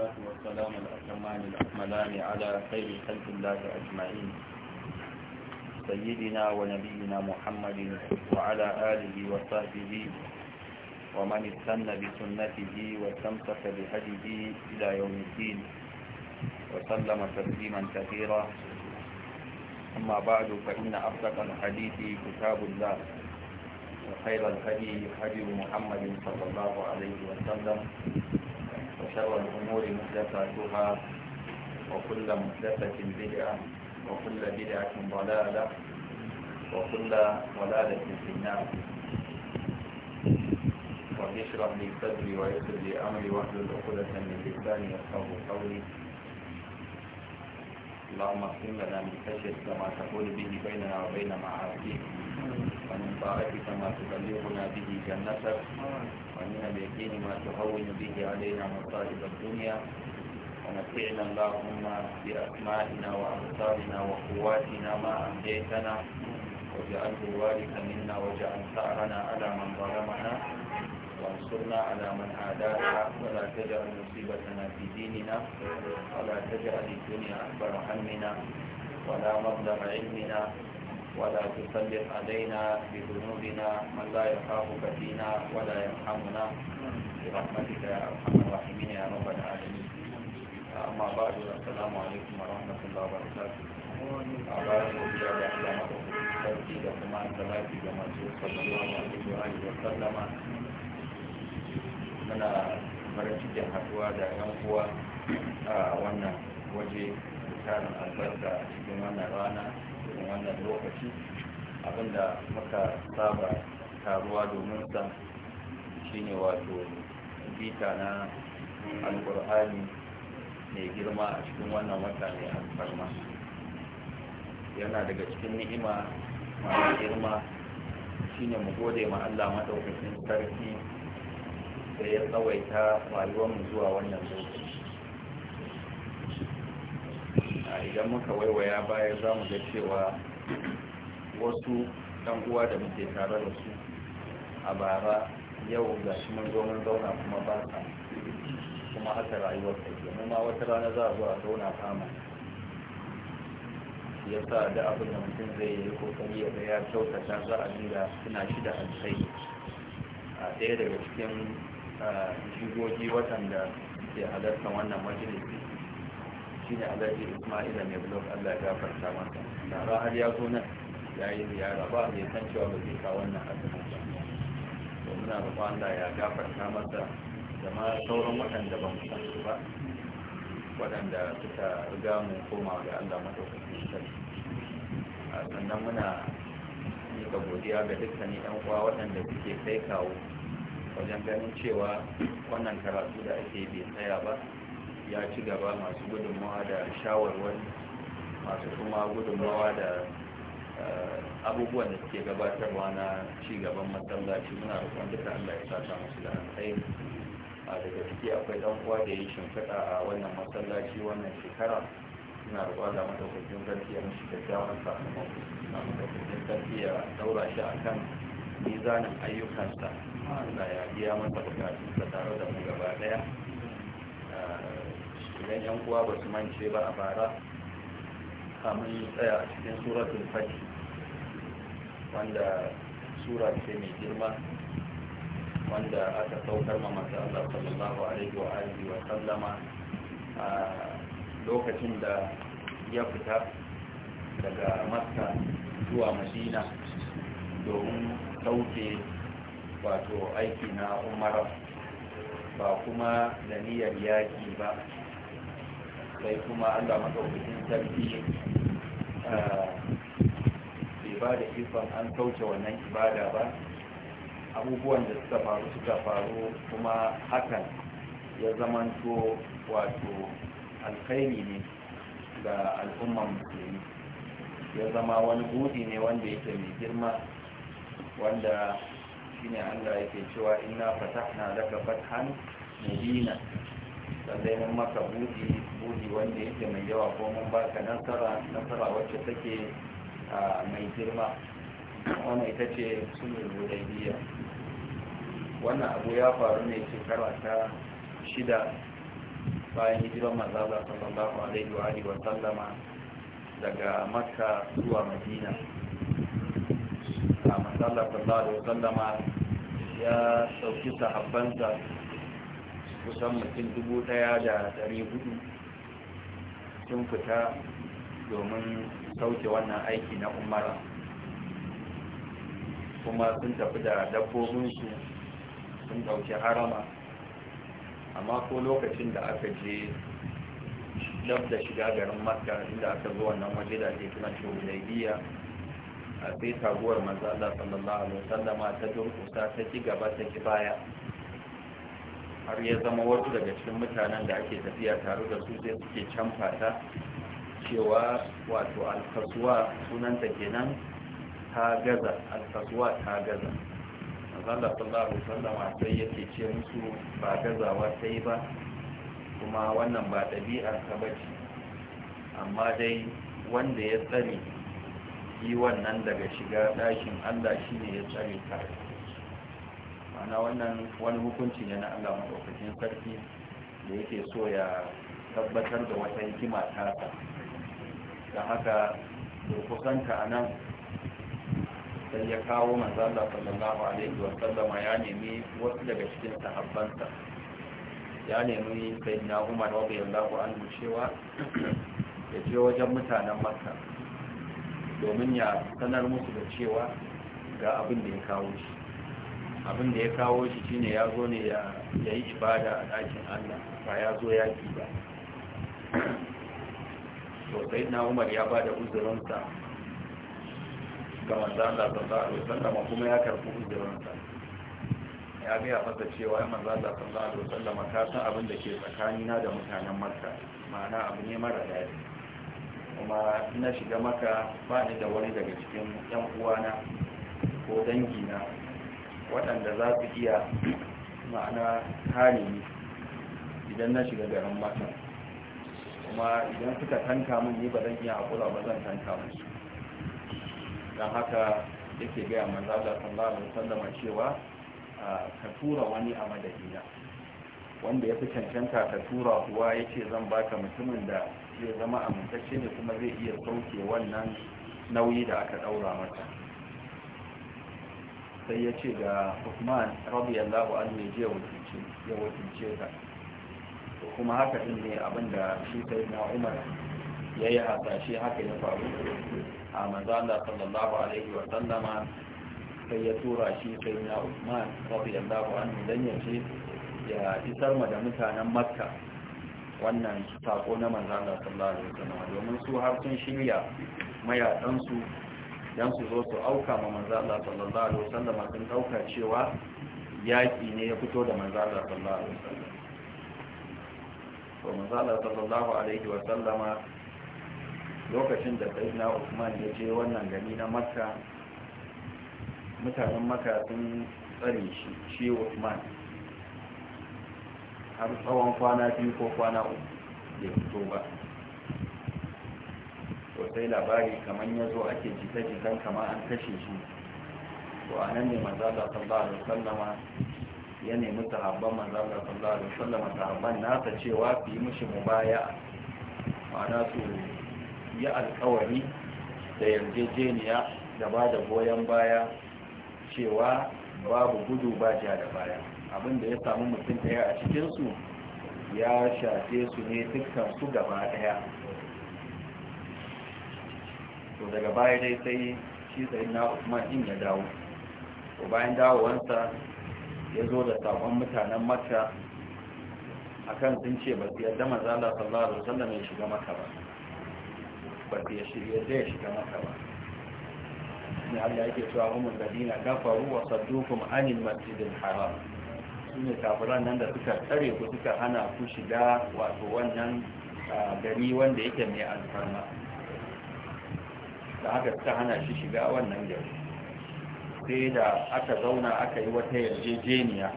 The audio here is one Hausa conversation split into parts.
والصلاة والسلام الأكمان الأكملان على خير خلق الله أجمعين سيدنا ونبينا محمد وعلى آله وصحبه ومن استنى بسنته واستمسك بهديه إلى يوم الدين وسلم تسليما كثيرا أما بعد فإن أصدق الحديث كتاب الله وخير الهدي هدي محمد صلى الله عليه وسلم وشر الأمور محدثاتها وكل محدثة بدعة وكل بدعة ضلالة وكل ضلالة في النار رب اشرح لي صدري ويسر لي أمري واحلل عقدة من لساني يفقه قولي اللهم اقسم لنا من خشيتك ما تقول به بيننا وبين معاصيك ومن طاعتك ما تبلغنا به جنتك ومن اليقين ما تهون به علينا مصائب الدنيا ومتعنا اللهم بأسمائنا وأبصارنا وقواتنا ما أمديتنا واجعله وارثا منا واجعل ثأرنا على من ظلمنا وانصرنا على من عادانا ولا تجعل مصيبتنا في ديننا ولا تجعل الدنيا أكبر همنا ولا مبلغ علمنا ولا تسلط علينا بذنوبنا من لا يخافك فينا ولا يرحمنا برحمتك يا ارحم الراحمين يا رب العالمين اما بعد السلام عليكم ورحمه الله وبركاته أعلم بها بأحلام أخوتي لكم عن ثلاثة كما صلى الله عليه وآله وسلم من مرتب حدوى دا ينقوى وانا وجه كان البرد في وانا رانا cikin wannan lokaci abinda muka saba taruwa domin sa shine wato bita na alkur'ani mai girma a cikin wannan wata mai alfarma yana daga cikin ni'ima mai girma shine mu gode ma Allah madaukakin sarki da ya tsawaita rayuwarmu zuwa wannan lokaci a idan muka waiwaya baya za mu ga cewa wasu ɗan uwa da muke tare da su a bara yau ga shi mun zo zauna kuma ba sa kuma haka rayuwar ta ke ma wata rana za a zo a zauna fama ya sa da abin da mutum zai yi kokari ya ga ya kyautata za a dinga suna shi da alkhairi a ɗaya daga cikin jigogi da ke halarta wannan majalisi shine alhaji ismail da blog allah ya gafarta masa tara har ya zo nan ya yi ziyara ba mai san cewa ba zai kawo wannan asirin ba to muna roƙon allah ya gafarta masa da ma sauran waɗanda ba mu san su ba waɗanda suka riga mu koma ga allah madaukakin sarki sannan muna ga godiya ga dukkanin 'yan uwa waɗanda suke kai kawo wajen ganin cewa wannan karatu da ake bai tsaya ba ya ci gaba masu gudunmawa da shawarwar masu kuma gudunmawa da eh, abubuwan da suke gabatarwa na ci gaban matsalaci muna rukun duka allah ya sata masu da hantai a daga ciki akwai dan uwa da ya shimfiɗa a wannan matsalaci wannan shekara suna rukun da madaukakin zarfi ya mishi kyakkyawan sakamako zarfi ya daura shi a kan mizanin ayyukansa allah ya biya masa bukatunsa tare da mu gaba ɗaya eh, idan yan kuwa ba su mance ba a bara kamun tsaya a cikin suratul fati wanda sura ce mai girma wanda aka saukar ma masu Allah sallallahu alaihi wa alihi wa sallama a lokacin da ya fita daga maska zuwa Madina domin sauke wato aiki na Umara ba kuma da niyyar yaki ba sai kuma allah maɗaukakin sarki eh, bai ba da ifan an kauce wannan ibada ba abubuwan da suka faru suka faru kuma hakan ya zamanto wato alkhairi ne ga al'umman musulmi ya zama wani buɗi ne wanda yake mai girma wanda shine allah yake cewa inna fatahna daga fathan mubina sannan mun maka buɗi buɗi wanda yake mai yawa ko mun baka nasara nasara wacce take mai girma wannan ita ce sunan hudaybiya wannan abu ya faru ne shekara ta shida bayan hijiran manzala sallallahu alaihi wa alihi wa sallama daga makka zuwa madina a manzala sallallahu alaihi wa sallama ya sauki sahabbansa kusan mutum dubu ɗaya da ɗari hudu sun fita domin sauke wannan aiki na umara kuma sun tafi da dabbobinsu sun ɗauki harama amma ko lokacin da aka je dab da shiga garin makka inda aka zo wannan waje da ake kiran shi hudaybiya a sai taguwar manzo sallallahu alaihi wasallama ta durkusa ta ci gaba ta ki baya har ya zama wasu daga cikin mutanen da ake tafiya tare da su sai suke can fata cewa wato alkasuwa sunanta kenan ta gaza alkasuwa ta gaza sallar sallallahu alaihi a sai yake ce musu ba gazawa yi ba kuma wannan ba ɗabi'ar ka bace amma dai wanda ya tsare yi wannan daga shiga ɗakin Allah shine ya tsare ka ana wannan wani hukunci ne na allah maɗaukakin sarki da yake so ya tabbatar da wata hikima tasa da haka kusanta a nan sai ya kawo manzala sallallahu alaihi wasallama ya nemi wasu daga cikin sahabbansa ya nemi sai na umar radiyallahu anhu cewa ya je wajen mutanen makka domin ya sanar musu da cewa ga abin da ya kawo shi abin da ya kawo shi shine ya zo ne ya yi ibada a ɗakin Allah ba ya zo yaƙi ba sosai na umar ya ba da uzuransa ga manzan Allah sallallahu alaihi wasallam kuma ya karɓi uzurinsa ya gaya masa cewa ya manzan Allah sallallahu alaihi wasallam ka san abin da ke tsakanina da mutanen Makka ma'ana abu ne mara daɗi kuma na shiga maka ba ni da wani daga cikin 'yan uwana ko dangina waɗanda za su iya ma'ana kare ni idan na shiga garin mata kuma idan suka tanka min ne ba zan iya haƙura ba zan tanka mun. don haka yake gaya manza da sallama sallama cewa ka tura wani a madadina wanda ya fi cancanta ka tura kuwa ya ce zan baka mutumin da zai zama amintacce ne kuma zai iya sauke wannan nauyi da aka ɗaura mata sai ya ce da Uthman radiyallahu anhu ya je wuce ya wuce ka kuma haka din ne abinda shi sai na Umar yayi hasashe haka ya faru a manzo Allah sallallahu alaihi wa sallama sai ya tura shi sai na Uthman radiyallahu anhu dan ya ce ya isar ma da mutanen Makka wannan sako na manzo Allah sallallahu alaihi wa sallama domin su har sun shirya su don su zo su auka ma manzo Allah sallallahu alaihi wasallam sun dauka cewa yaki ne ya fito da manzo Allah sallallahu alaihi wasallam to manzo Allah sallallahu alaihi wasallama lokacin da sayyidina Uthman ya je wannan gari na Makka mutanen Makka sun tsare shi shi Uthman har tsawon kwana biyu ko kwana uku ya fito ba to sai labari kamar ya zo ake jita-jitan kamar an kashe shi to a nan ne manzala sallallahu alaihi wasallama ya nemi sahabban manzala sallallahu alaihi wasallama nasa cewa fi yi mubaya ma'ana su yi alkawari da yarjejeniya da ba da goyon baya cewa babu gudu ba jiya da baya Abin da ya samu mutum ɗaya a cikinsu ya shafe su ne dukkan su gaba ɗaya. to daga baya dai sai shi sai na usman din ya dawo to bayan dawowansa ya zo da sabon mutanen makka akan sun ce ba su yarda manzo Allah sallallahu alaihi wasallam ya shiga maka ba ba su yarda ya shiga maka ba ne Allah yake cewa humul ladina kafaru wa saddukum anil al haram ne kafiran nan da suka tsare ku suka hana ku shiga wato wannan ah, gari wanda yake mai alfarma da haka ta hana shi shiga wannan gari sai da aka zauna aka yi wata yarjejeniya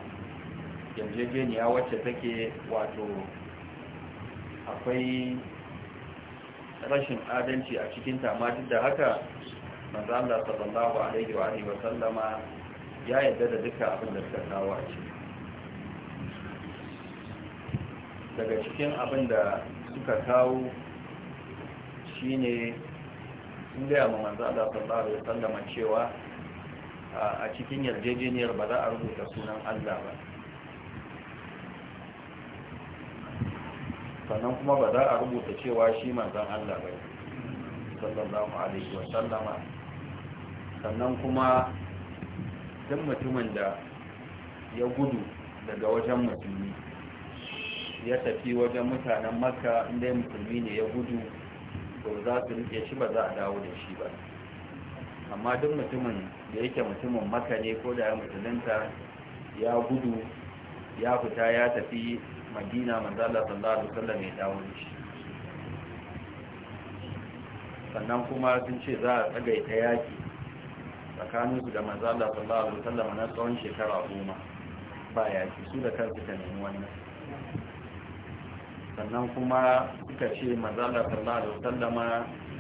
yarjejeniya wacce take wato akwai rashin adalci a cikin ma duk da haka manzo sallallahu alaihi wa alihi wa ya yarda da duka abin da suka kawo a ciki daga cikin abin da suka kawo shine sun gaya ma manzo Allah sallallahu alaihi wasallam cewa a cikin yarjejeniyar ba za a rubuta sunan Allah ba sannan kuma ba za a rubuta cewa shi manzon Allah ba sallallahu alaihi wasallama sannan kuma duk mutumin da ya gudu daga wajen musulmi ya tafi wajen mutanen makka inda musulmi ne ya gudu to za su rike shi ba za a dawo da shi ba amma duk mutumin da yake mutumin maka ne ko da ya musulunta ya gudu ya fita ya tafi madina manzala sallallahu alaihi wasallam ya dawo da shi sannan kuma sun ce za a tsagaita yaki tsakaninsu da manzala sallallahu alaihi wasallam na tsawon shekara goma ba yaki su da kansu ta nemi wannan sannan kuma suka ce manzala sallallahu alaihi wasallama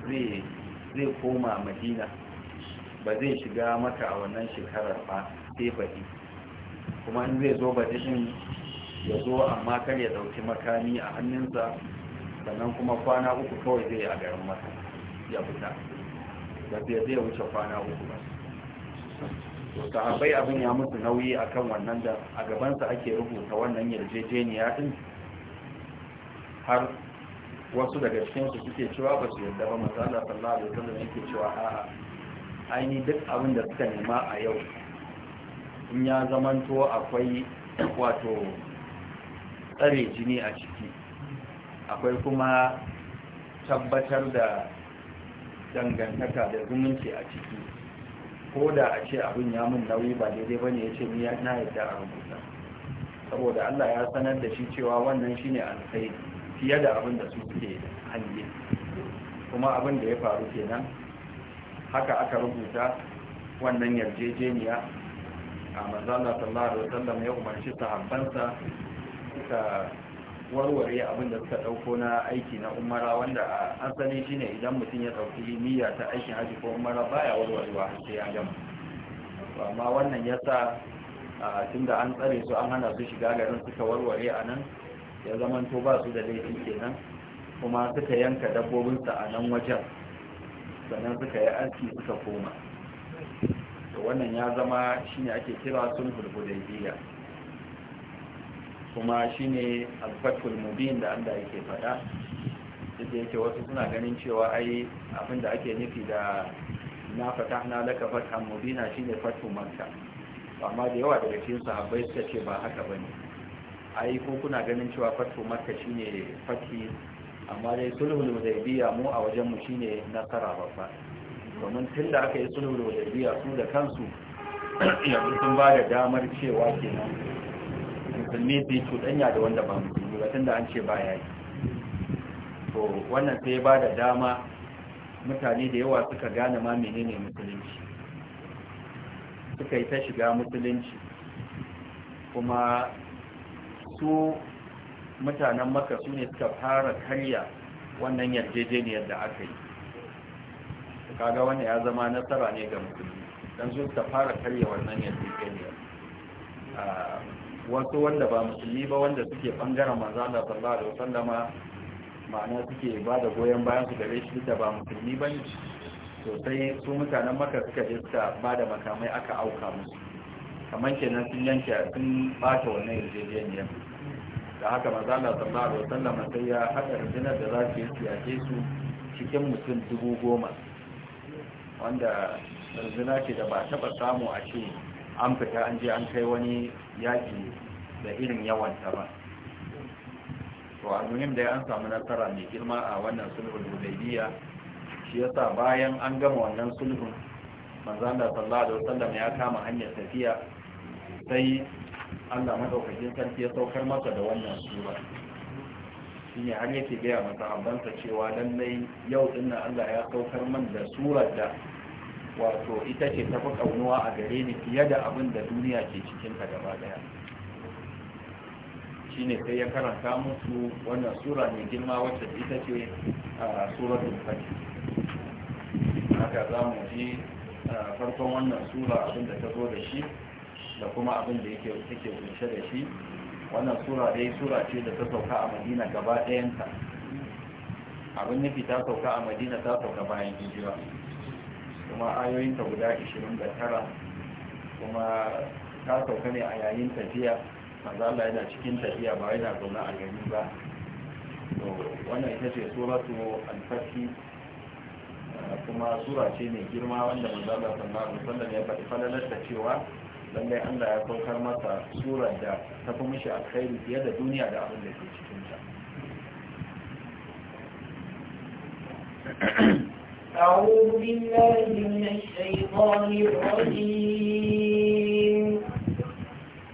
zai zai koma madina ba zai shiga maka a wannan shekarar ba sai baɗi kuma in zai zo ba ɗin ya zo amma kar ya ɗauki makami a hannunsa sannan kuma kwana uku kawai zai a garin maka ya fita ba zai zai wuce kwana uku ba sahabbai abin ya musu nauyi akan wannan da a gabansa ake rubuta wannan yarjejeniya ɗin har wasu daga cikinsu suke cewa ba su yadda ba Allah sallallahu alaihi wasallam yake cewa a'a aini duk abin da suka nema a yau in ya zamanto akwai wato tsare jini a ciki akwai kuma tabbatar da dangantaka da zumunci a ciki ko da a ce abin ya mun nauyi ba daidai ba ne ya ce na yadda a rubuta saboda allah ya sanar da shi cewa wannan shine alkhairi fiye da abin da su suke hanyi kuma abin da ya faru kenan haka aka rubuta wannan yarjejeniya a manzana sallallahu alaihi wasallam ya umarci sahabbansa suka warware abin da suka dauko na aiki na umara wanda a asali ne idan mutum ya dauki niyya ta aikin haji ko umara baya warwarewa sai ya gama amma wannan ya yasa tunda an tsare su an hana su shiga garin suka warware a nan ya zamanto ba su da laifi kenan kuma suka yanka dabbobinsa a nan wajen sannan suka yi aski suka koma to wannan ya zama shine ake kira sun jiya kuma shine alfatul mubin da Allah yake faɗa da yake wasu suna ganin cewa ai abin da ake nufi da na fatahna laka fathan mubina shine fatu makka amma da yawa daga cikin sahabbai suka ce ba haka bane ai ko kuna ganin cewa fatu makka shine fati amma dai sulhul hudaybiya mu a wajen mu shine nasara babba domin tun da aka yi sulhul hudaybiya su da kansu yanzu sun ba da damar cewa kenan musulmi zai cuɗanya da wanda ba musulmi ba tunda an ce ba ya yi to wannan sai ba da dama mutane da yawa suka gane ma menene musulunci suka yi ta shiga musulunci kuma su mutanen maka su ne suka fara karya wannan yarjejeniyar da aka yi kaga wannan ya zama nasara ne ga musulmi don su suka fara karya wannan yarjejeniyar wasu wanda ba musulmi ba wanda suke bangaren manzana da alaihi wasallama ma'ana suke ba da goyon bayan su gare shi da ba musulmi ba ne sosai su mutanen maka suka je suka ba da makamai aka auka musu kamar kenan sun yanke sun bata wannan yarjejeniyar da haka mazala sallallahu alaihi wasallam sai ya haɗa rundunar da za su yi siyake su cikin mutum dubu goma wanda runduna ce da ba taɓa samu a ce an fita an je an kai wani yaƙi da irin yawan ta ba to a muhim da an samu nasara mai girma a wannan sulhul hudaybiya shi yasa bayan an gama wannan sulhun manzo Allah sallallahu alaihi wasallam ya kama hanyar tafiya sai Allah madaukakin sarki ya saukar masa da wannan sura shine har yake gaya masa abansa cewa lallai yau din Allah ya saukar man da surar da wato ita ce tafi kaunuwa a gare ni fiye da abin da duniya ke cikin ta gaba daya shine sai ya karanta musu wannan sura mai girma wacce ita ce a suratul fatih haka za mu ji farkon wannan sura abin da ta zo da shi da kuma abin da yake yake kunshe da shi wannan sura dai sura ce da ta sauka a madina gaba ɗayanta abin nufi ta sauka a madina ta sauka bayan hijira kuma ayoyinta guda 29 kuma ta sauka ne a yayin tafiya maza Allah yana cikin tafiya ba yana zaune a gari ba to wannan ita ce suratu al-fatih kuma sura ce mai girma wanda manzo Allah sallallahu alaihi wasallam ya faɗi falalar ta cewa lallai Allah ya saukar masa surar da ta fi mishi alkhairi fiye da duniya da abin da ke cikin ta أعوذ بالله من الشيطان الرجيم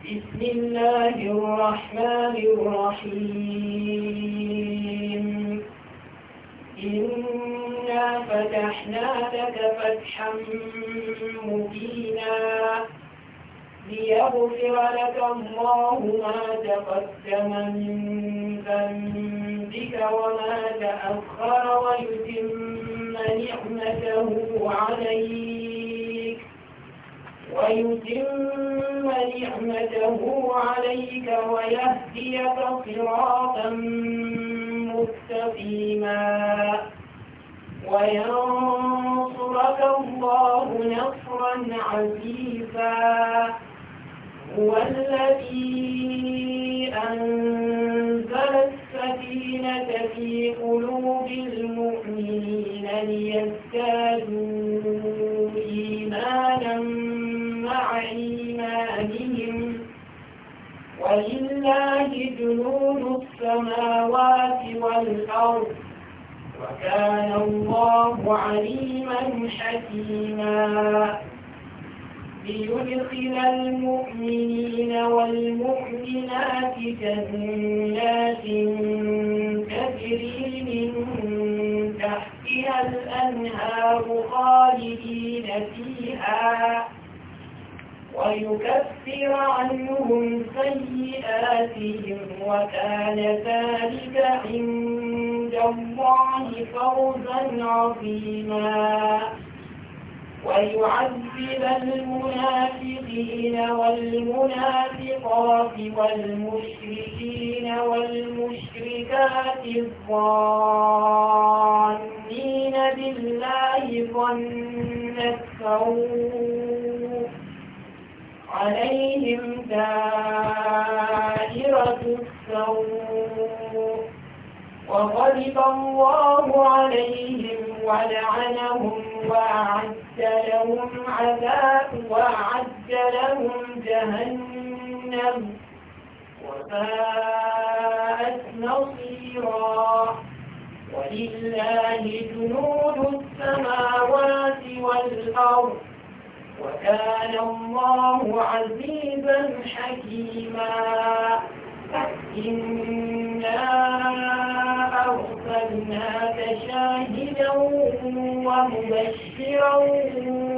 بسم الله الرحمن الرحيم إنا فتحنا لك فتحا مبينا ليغفر لك الله ما تقدم من ذنبك وما تأخر ويتم نعمته عليك ويتم نعمته عليك ويهديك صراطا مستقيما وينصرك الله نصرا عزيزا هو الذي أنزل السكينة في قلوب المؤمنين ليزدادوا إيمانا مع إيمانهم ولله جنود السماوات والأرض وكان الله عليما حكيما ليدخل المؤمنين والمؤمنات جنات تجري من تحتها الأنهار خالدين فيها ويكفر عنهم سيئاتهم وكان ذلك عند الله فوزا عظيما ويعذب المنافقين والمنافقات والمشركين والمشركات الظانين بالله ظن السوء عليهم دائرة السوء وغضب الله عليهم ولعنهم وأعد لهم عذاب وأعد لهم جهنم وباءت نصيرا ولله جنود السماوات والأرض وكان الله عزيزا حكيما إنا أرسلناك شاهدا ومبشرا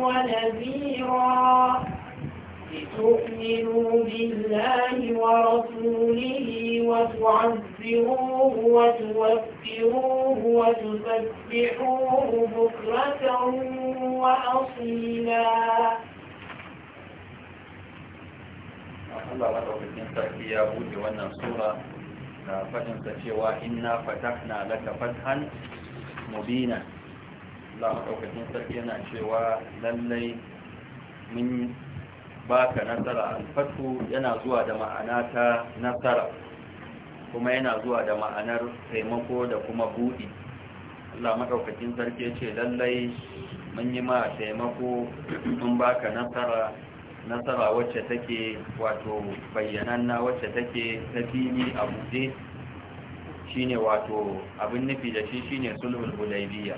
ونذيرا لتؤمنوا بالله ورسوله وتعذروه وتوفروه وتسبحوه بكرة وأصيلا Allah madaukakin sarki ya buɗe wannan sura da fadinsa cewa inna fatahna laka fathan mubina Allah madaukakin sarki yana cewa lallai mun baka nasara alfatu yana zuwa da ma'ana ta nasara kuma yana zuwa da ma'anar taimako da kuma buɗi Allah madaukakin sarki ya ce lallai mun yi ma taimako mun baka nasara Nasara wacce take wato bayyananna wacce take ta fili a buɗe shine wato abin nufi da shi shine sulhul hudaybiya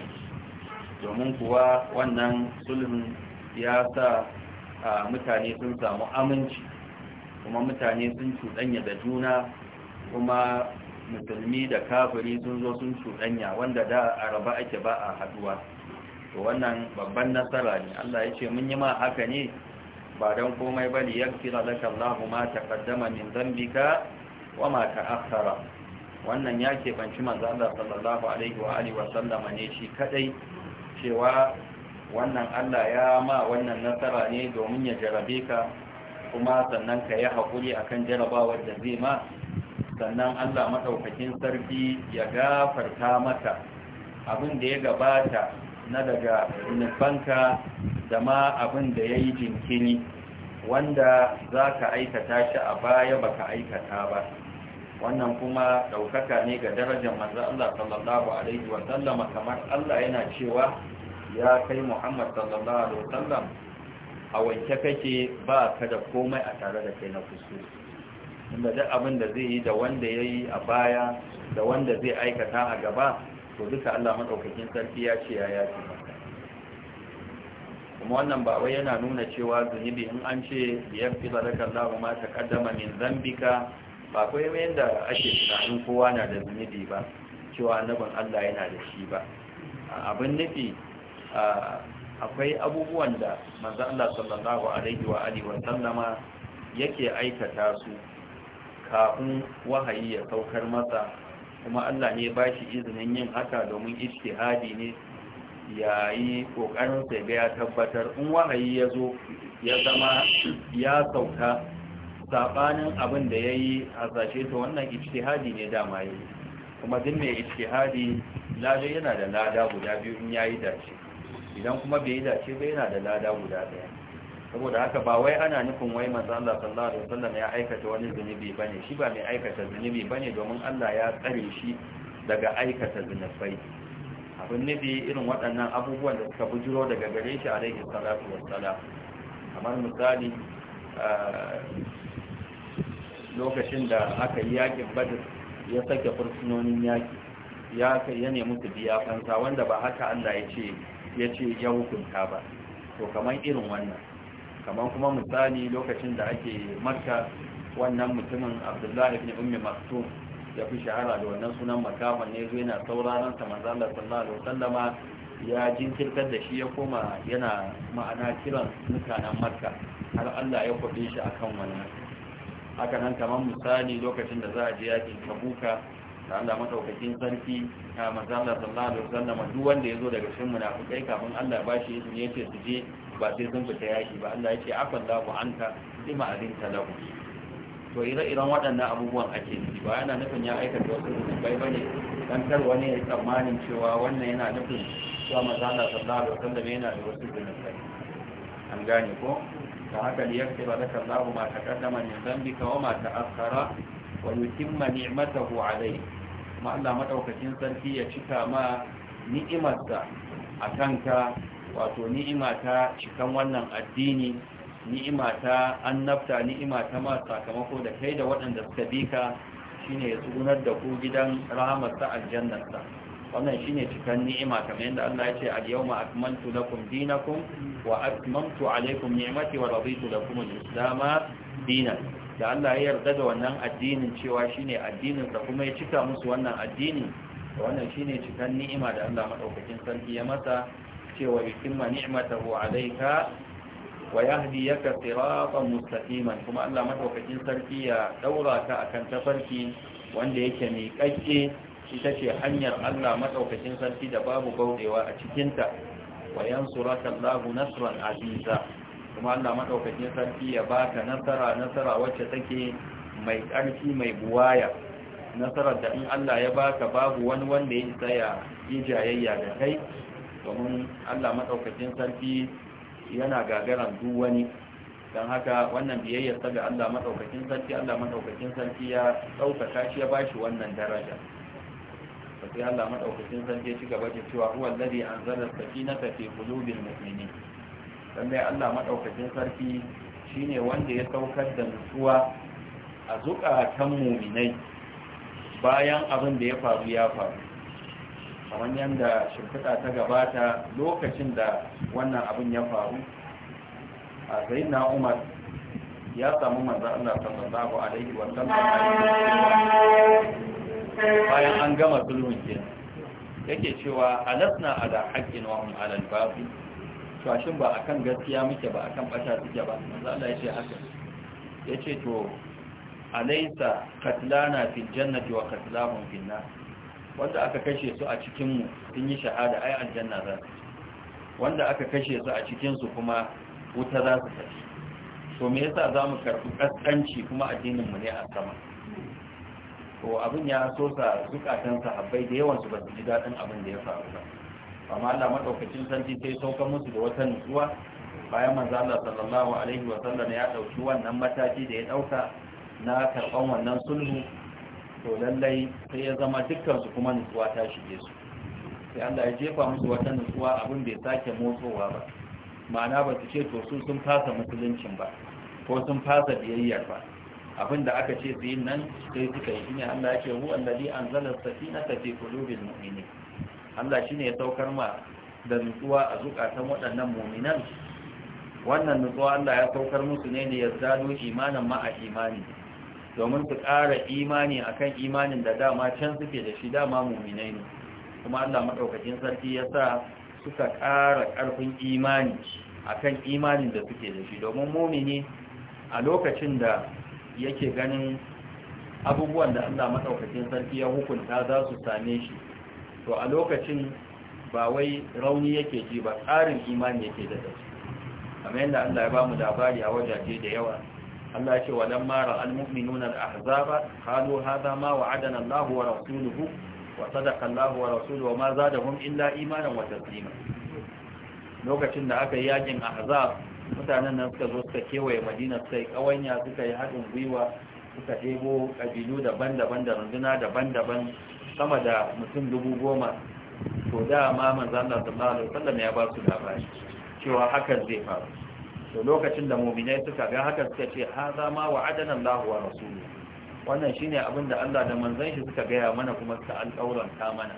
domin kuwa wannan sulhun ya sa mutane sun samu aminci kuma mutane sun cuɗanya da juna kuma musulmi da kafiri sun zo sun cuɗanya wanda da araba ake ba a haduwa to wannan babban nasara ne Allah ya ce mun yi ma haka ne ba don komai ba ne yaghfira laka Allahu ma kaddama min zambika wa ma ta'akhkhara wannan ya banci manzo Allah sallallahu alaihi wa alihi wa sallama ne shi kadai cewa wannan Allah ya ma wannan nasara ne domin ya jarabe ka kuma sannan ka yi haƙuri akan jarabawar da zai ma sannan Allah madaukakin sarki ya gafarta maka abin da ya gabata na daga nufanka da ma abin da ya yi jinkiri wanda za ka aikata shi a baya ba ka aikata ba wannan kuma ɗaukaka ne ga darajar manzo Allah sallallahu alaihi wa kamar Allah yana cewa ya kai Muhammad sallallahu alaihi wa a wanke kake ba ka da komai a tare da kai na kusur inda duk abin da zai yi da wanda ya yi a baya da wanda zai aikata a gaba to duka Allah madaukakin sarki ya ce ya yafi maka kuma wannan ba wai yana nuna cewa zunubi in an ce fi zalaka Allah ma ta kaddama min zambika ba kai yanda ake tunanin kowa na da zunubi ba cewa annabin Allah yana da shi ba abin nufi akwai abubuwan da manzo Allah sallallahu alaihi wa alihi wa sallama yake aikata su kafin wahayi ya saukar masa kuma Allah ne ba shi izinin yin haka domin ijtihadi ne ya yi kokarin sai ga ya tabbatar in wahayi ya zo ya zama ya sauka sabanin abin da yayi hasashe ta wannan ijtihadi ne dama yi kuma duk mai ijtihadi lada yana da lada guda biyu in yayi dace idan kuma bai yi dace ba yana da lada guda daya saboda haka ba wai ana nufin wai manzo Allah sallallahu alaihi wasallam ya aikata wani zunubi bane shi ba mai aikata zunubi bane domin Allah ya tsare shi daga aikata zunubai abin nufi irin waɗannan abubuwan da suka bujiro daga gare shi alaihi salatu wassalam kamar misali ah, lokacin da aka yi yakin badr ya sake fursunonin yaki ya ya nemi su biya fansa wanda ba haka Allah ya ce ya ce ya hukunta ba to kamar irin wannan kamar kuma misali lokacin da ake makka wannan mutumin abdullahi ibn ummi maktum ya fi shahara da wannan sunan makaman ne zo yana sauraron sa manzo Allah sallallahu alaihi wasallama ya jinkirtar da shi ya koma yana ma'ana kiran mutanen makka har Allah ya kwabe shi akan wannan haka nan kamar misali lokacin da za a je yakin tabuka da Allah madaukakin sarki a manzo Allah sallallahu alaihi wasallama duk wanda ya zo daga cikin munafikai kafin Allah ya bashi izini yace su je ba sai sun fita yaki ba Allah ya ce afan lahu anka lima azinta lahu to ire-iren waɗannan abubuwan ake nufi ba yana nufin ya aikata wasu zunubai bane dan kar wani ya tsammanin cewa wannan yana nufin cewa maza Allah sallallahu alaihi wasallam yana da wasu zunubai an gane ko da haka ne yake ba zaka bi ma mata askara. dhanbika wa ma ta'akhkhara wa yutimma ni'matahu alayk ma Allah madaukakin sarki ya cika ma ni'imarsa a kanka wato ni'ima ta cikan wannan addini ni'ima ta annabta ni'ima ta ma sakamako da kai da waɗanda suka bi ka shine ya tsugunar da ku gidan aljannar aljannarsa wannan shine cikan ni'ima kamar yadda Allah ya ce al-yawma akmaltu lakum dinakum wa atmamtu alaykum ni'mati wa raditu lakum al-islam dinan da Allah ya yarda da wannan addinin cewa shine addinin da kuma ya cika musu wannan addini wannan shine cikan ni'ima da Allah madaukakin sarki ya masa cewa yutimma ni'matahu alayka wa yahdiyaka siratan mustaqiman kuma Allah madaukakin sarki ya daura ka akan tafarki wanda yake mai kakke ita ce hanyar Allah madaukakin sarki da babu baudewa a cikin ta wa yansuraka Allahu nasran aziza kuma Allah madaukakin sarki ya baka nasara nasara wacce take mai ƙarfi mai buwaya nasarar da in Allah ya baka babu wani wanda ya isa ya yi jayayya da kai domin Allah maɗaukacin sarki yana gagaran duk wani don haka wannan biyayyar ta ga Allah madaukakin sarki Allah madaukakin sarki ya ɗaukaka shi ya bashi wannan daraja sai Allah madaukakin sarki ya ci gaba da cewa huwa allazi anzala sakinata fi qulubil mu'minin dan mai Allah maɗaukacin sarki shine wanda ya saukar da nutsuwa a zukatan mu'minai bayan abin da ya faru ya faru kamar yadda shimfiɗa ta gabata lokacin da wannan abin ya faru a zai na umar ya samu manzan Allah sallallahu alaihi wa sallam bayan an gama sulhun ke yake cewa alasna ala haqqin wa hum ala al-batil to shin ba akan gaskiya muke ba akan bata suke ba manzan Allah ya ce haka yace to alaysa qatlana fil jannati wa qatlahum fil nar wanda aka kashe su a cikinmu sun yi shahada ai aljanna za su wanda aka kashe su a cikinsu kuma wuta za su tafi so me yasa za mu karɓi ƙasƙanci kuma addininmu ne a sama to abin ya sosa zukatan sahabbai da yawansu ba su ji daɗin abin da ya faru ba amma Allah maɗaukacin sarki sai sauka musu da wata nutsuwa bayan manzo Allah sallallahu alaihi wa sallam ya ɗauki wannan mataki da ya ɗauka na karɓan wannan sulhu to lallai sai ya zama dukkansu kuma nutsuwa ta shige su sai Allah ya jefa musu wata nutsuwa abin bai sake motsowa ba ma'ana ba su ce to su sun fasa musuluncin ba ko sun fasa biyayyar ba abin da aka ce su yi nan sai suka yi shine Allah ya ce hu allazi anzala sakinata fi qulubil mu'minin Allah shine ya saukar ma da nutsuwa a zukatan waɗannan mu'minan wannan nutsuwa Allah ya saukar musu ne ne ya zalo imanin a imani domin su ƙara imani akan imanin da dama can suke da shi dama muminai ne kuma Allah maɗaukacin sarki ya sa suka ƙara ƙarfin imani akan imanin da suke da shi domin mumini a lokacin da yake ganin abubuwan da Allah maɗaukacin sarki ya hukunta za su same shi to a lokacin ba wai rauni yake ji ba tsarin imani yake da shi kamar yadda Allah ya ba mu labari a wajaje da yawa Allah ce wa lamma ra'al mu'minuna al-ahzaba qalu hadha ma wa'adana Allah wa rasuluhu wa sadaqa Allah wa rasuluhu wa ma zadahum illa imanan wa taslima lokacin da aka yi yakin ahzab mutanen nan suka zo suka kewaye Madina sai kawanya suka yi hadin gwiwa suka debo kabilu daban-daban da runduna daban-daban sama da mutum dubu goma to da ma manzo Allah sallallahu alaihi wasallam ya ba su labari cewa hakan zai faru to lokacin da mu'minai suka ga haka suka ce za ma wa'adana Allahu wa rasuluhu wannan shine abin da Allah da manzon shi suka gaya mana kuma suka alƙawaran ta mana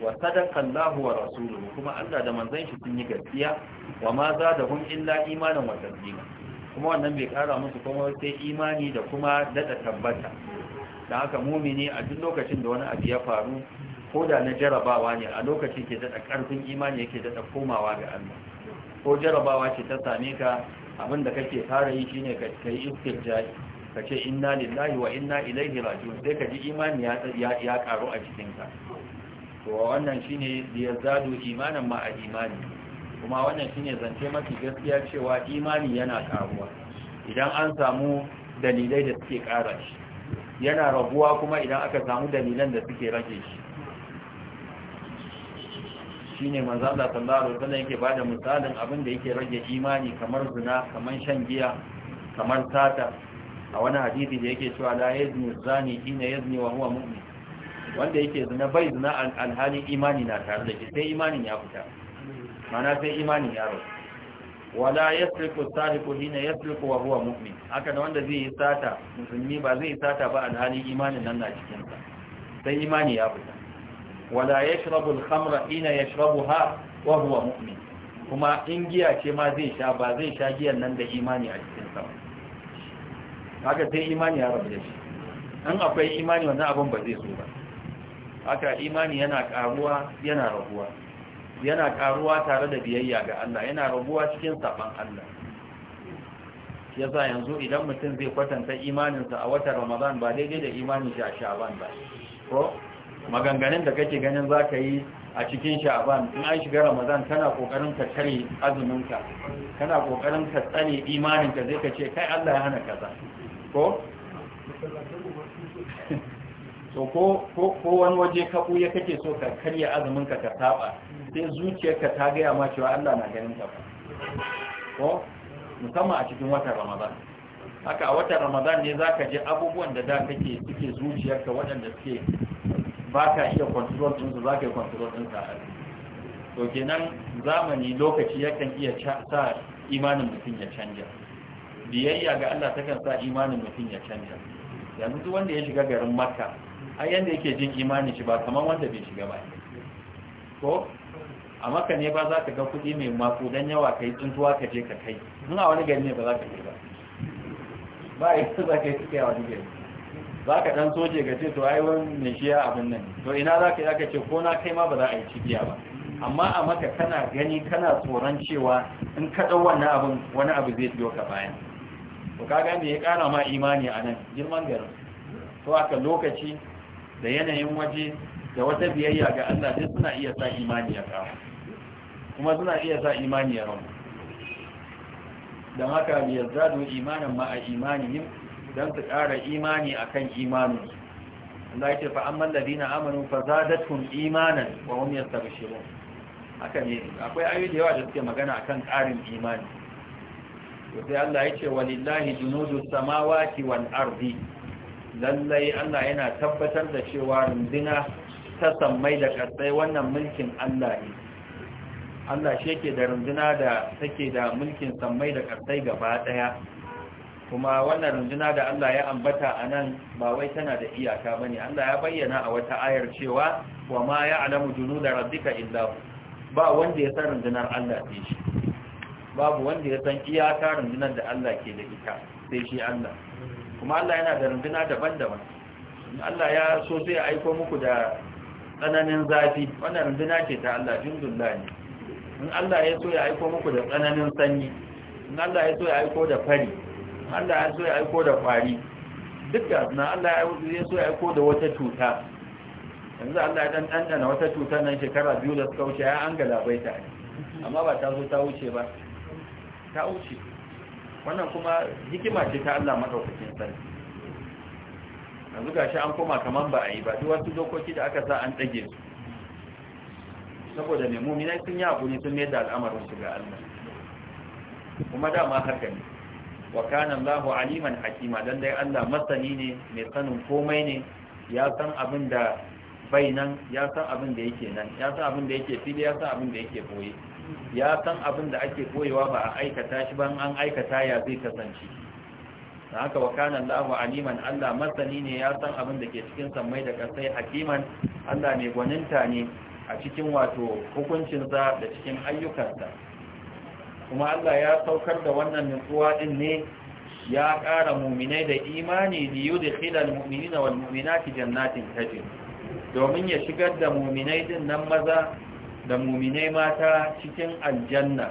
wa sadaqa Allahu wa rasuluhu kuma Allah da manzon shi sun yi gaskiya wa ma za da zadahum illa imanin wa kuma wannan bai kara musu kuma sai imani da kuma daɗa tabbata da haka mumini a duk lokacin da wani abu ya faru ko da na jarabawa ne a lokacin ke daɗa ƙarfin imani yake daɗa komawa ga Allah ko jarabawa ce ta same ka abin da kake fara yi shine ka yi istirjai ka ce inna lillahi wa inna ilaihi rajiun sai ka ji imani ya ya karu a cikin ka to wannan shine zado imanin ma a imani kuma wannan shine zance mafi gaskiya cewa imani yana karuwa idan an samu dalilai da suke kara shi yana raguwa kuma idan aka samu dalilan da suke rage shi ne manzo Allah sallallahu alaihi wasallam yake bada misalin abin da yake rage imani kamar zina kamar shan giya kamar sata a wani hadisi da yake cewa la yazni zani ina yazni wa huwa mu'min wanda yake zina bai zina alhali imani na tare da shi sai imanin ya fita mana sai imanin ya rasu wala yasriku sariqu hina yasriku wa huwa mu'min haka da wanda zai yi sata musulmi ba zai sata ba alhali imanin nan na cikin sa sai imani ya fita wala يشرب الخمر حين يشربها وهو مؤمن كما ان kuma in giya ce ma zai sha ba zai sha giyan nan da imani a cikin sa haka sai imani ya rabu da shi in akwai imani wannan abin ba zai so ba haka imani yana karuwa yana rabuwa yana karuwa tare da biyayya ga Allah yana rabuwa cikin saban Allah yasa yanzu idan mutum zai kwatanta imaninsa a watan Ramadan ba daidai da imanin shi a Sha'ban ba ko maganganun da kake ganin za ka yi a cikin sha'aban in an shiga ramadan kana kokarin ka tsare azuminka kana kokarin ka tsare imaninka zai ka ce kai Allah ya hana kaza ko so ko ko wani waje ka ya kake so ka karya azuminka ka saba sai zuciyarka ta ga ma cewa Allah na ganin ka ko musamman a cikin watan ramadan haka a watan ramadan ne zaka je abubuwan da da kake suke zuciyarka waɗanda suke ba ka iya control ɗinsu za ka yi control ɗinsa a to kenan zamani lokaci yakan iya sa imanin mutum ya canja biyayya ga Allah takan sa imanin mutum ya canja yanzu duk wanda ya shiga garin makka ai yanda yake jin imanin shi ba kamar wanda bai shiga ba ko a makka ne ba za ka ga kuɗi mai mako don yawa ka yi tuntuwa ka je ka kai nuna wani gari ne ba za ka je ba ba yi za ka yi suka yawa wani gari za ka ɗan soje ga ce to ai wani abin nan to ina za ka yi aka ce ko na kai ma ba za a yi cikiya ba amma a maka kana gani kana tsoron cewa in ka ɗau abin wani abu zai biyo ka baya. to ka ne ya ƙara ma imani a nan girman garin to aka lokaci da yanayin waje da wata biyayya ga Allah sai suna iya sa imani ya ƙara kuma suna iya sa imani ya rabu don haka biyar zadu imanin ma'a imanihim don su ƙara imani akan imanin Allah ya ce fa amman ladina amanu fa zadatkum imanan wa hum yastabshirun haka ne akwai ayoyi da yawa da suke magana akan ƙarin imani to sai Allah ya ce walillahi junudus samawati wal ardi lallai Allah yana tabbatar da cewa rundina ta samai da ƙasai wannan mulkin Allah ne Allah shi yake da rundina da take da mulkin sammai da ƙasai gaba ɗaya kuma wannan runduna da Allah ya ambata a nan ba wai tana da iyaka ba ne Allah ya bayyana a wata ayar cewa wa ma ya alamu junu da rabbika illa ba wanda ya san rundunar Allah sai shi babu wanda ya san iyaka rundunar da Allah ke da ita sai shi Allah kuma Allah yana da runduna daban-daban Allah ya so sai aiko muku da tsananin zafi wannan runduna ce ta Allah jundullah ne in Allah ya so ya aiko muku da tsananin sanyi in Allah ya so ya aiko da fari Allah ya so ya aiko da kwari duk da na Allah ya so ya aiko da wata cuta yanzu Allah ya dan wata cuta nan shekara biyu da suka wuce ya an galabaita amma ba ta zo ta wuce ba ta wuce wannan kuma hikima ce ta Allah madaukakin sarki yanzu gashi an koma kaman ba a yi ba duk wasu dokoki da aka sa an tsage su saboda mai muminai sun yi hakuri sun mai da al'amarin shiga ga Allah kuma dama haka ne wa kana Allahu aliman hakima dan dai Allah masani ne mai sanin komai ne ya san abin da bai nan ya san abin da yake nan ya san abin da yake fili ya san abin da yake boye ya san abin da ake koyewa ba a aikata shi ban an aikata ya zai kasance da haka wa kana Allahu aliman Allah masani ne ya san abin da ke cikin sammai da ƙasai hakiman Allah mai gwaninta ne a cikin wato hukuncinsa da cikin ayyukansa kuma Allah ya saukar da wannan nutsuwa din ne ya ƙara muminai da imani da yi da khilal muminina wal muminati jannatin domin ya shigar da muminai din nan maza da muminai mata cikin aljanna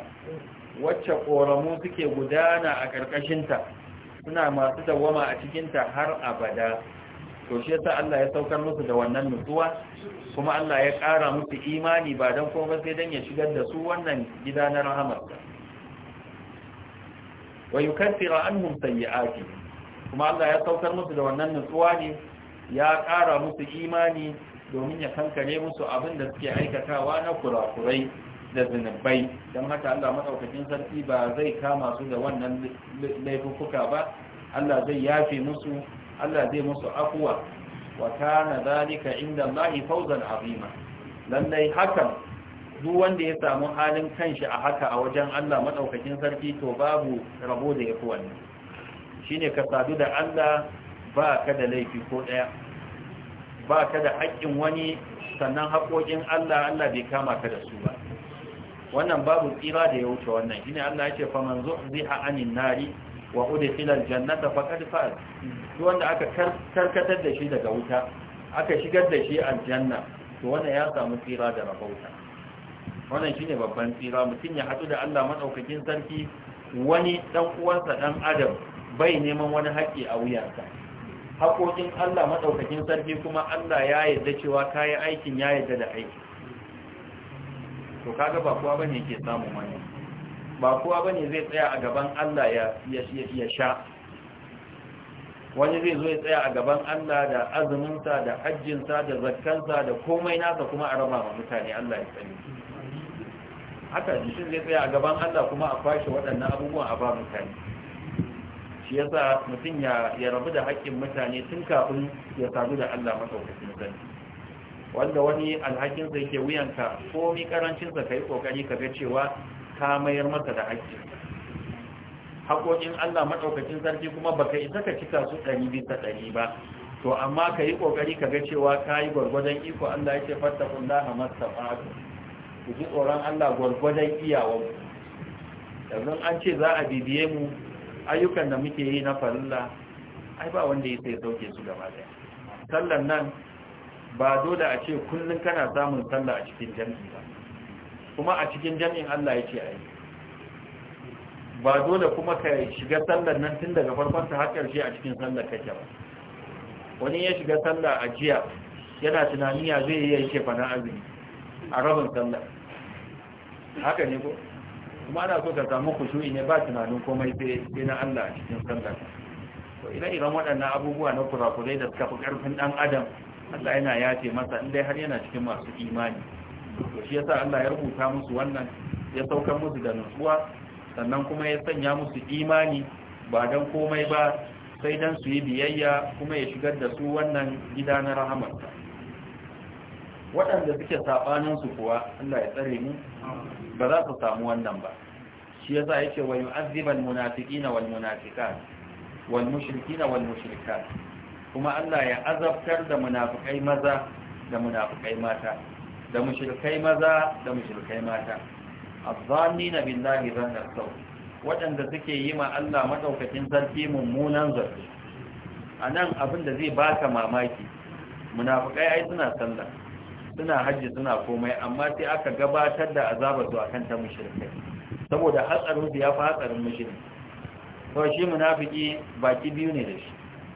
wacce ƙoramu suke gudana a ƙarƙashinta suna masu dawama a cikinta har abada to shi yasa Allah ya saukar musu da wannan nutsuwa kuma Allah ya ƙara musu imani ba don kuma sai don ya shigar da su wannan gida na rahamarsa wa yukaffira anhum sayyi'ati kuma Allah ya saukar musu da wannan nutsuwa ne ya ƙara musu imani domin ya kankare musu abin da suke aikatawa na kurakurai da zinubai don haka Allah madaukakin sarki ba zai kama su da wannan laifuka ba Allah zai yafe musu Allah zai musu afuwa wa kana zalika inda Allah fawzan azima lallai hakan duk wanda ya samu halin kanshi a haka a wajen Allah madaukakin sarki to babu rabo da yafi wani shine ka sadu da Allah ba ka da laifi ko ɗaya, ba ka da haƙƙin wani sannan haƙoƙin Allah Allah bai kama ka da su ba wannan babu tsira da ya wuce wannan shine Allah yake fa man zuhziha anin nari wa udkhila aljannata faqad faz duk wanda aka karkatar da shi daga wuta aka shigar da shi aljanna to wannan ya samu tsira da rabauta wannan shi ne babban tsira mutum ya haɗu da Allah maɗaukakin sarki wani ɗan uwansa ɗan adam bai neman wani haƙƙi a wuyansa haƙoƙin Allah maɗaukakin sarki kuma Allah ya yarda cewa yi aikin ya yarda da aiki to kaga ba kowa bane ke samun wani ba kowa bane zai tsaya a gaban Allah ya ya sha wani zai zo ya tsaya a gaban Allah da azuminsa da hajjinsa da zakkansa da komai nasa kuma a raba wa mutane Allah ya tsare haka mutum zai tsaya a gaban Allah kuma a kwashe waɗannan abubuwan a ba mutane shi yasa mutum ya rabu da haƙƙin mutane tun kafin ya sadu da Allah maɗaukakin sarki wanda wani alhakinsa yake wuyanka ko mi karancinsa ka yi ƙoƙari ka ga cewa ka mayar masa da haƙƙi haƙoƙin Allah madaukakin sarki kuma baka isa ka cika su ɗari bisa ɗari ba to amma ka yi ƙoƙari ka ga cewa ka yi gwargwadon iko Allah ya ce fattakullaha mastafa'atu ku ji tsoron Allah gwargwadon iyawan Yanzu an ce za a bibiye mu ayyukan da muke yi na farilla ai ba wanda ya sai sauke su gaba daya sallan nan ba dole a ce kullum kana samun sallah a cikin jami'i ba kuma a cikin jami'in Allah ya ce a yi ba dole kuma ka shiga sallar nan tun daga farkon ta har ƙarshe a cikin sallar kake ba wani ya shiga sallar a jiya yana tunani ya zai iya yake fana azumi a rabin sallar haka ne ko kuma ana so ka samu kushu'i ne ba tunanin komai sai na Allah a cikin sallar to idan idan waɗannan abubuwa na kurakurai da suka fi ƙarfin ɗan adam Allah yana yace masa in dai har yana cikin masu imani to shi yasa Allah ya rubuta musu wannan ya saukar musu da nutsuwa sannan kuma ya sanya musu imani ba dan komai ba sai dan su yi biyayya kuma ya shigar da su wannan gida na rahamarsa waɗanda suke saɓaninsu kuwa Allah ya tsare mu ba za su samu wannan ba shi ya sa yake wa yu'azzibal munafiqina wal munafiqat wal mushrikina wal mushrikat kuma Allah ya azabtar da munafikai maza da munafikai mata da mushrikai maza da mushrikai mata azzannina billahi zanna saw waɗanda suke yi ma Allah maɗaukacin sarki mummunan A nan abin da zai baka mamaki munafikai ai suna sallah suna hajji suna komai amma sai aka gabatar da azabar su kan ta mushrikai saboda hatsarin su ya fi hatsarin mushriki to shi munafiki baki biyu ne da shi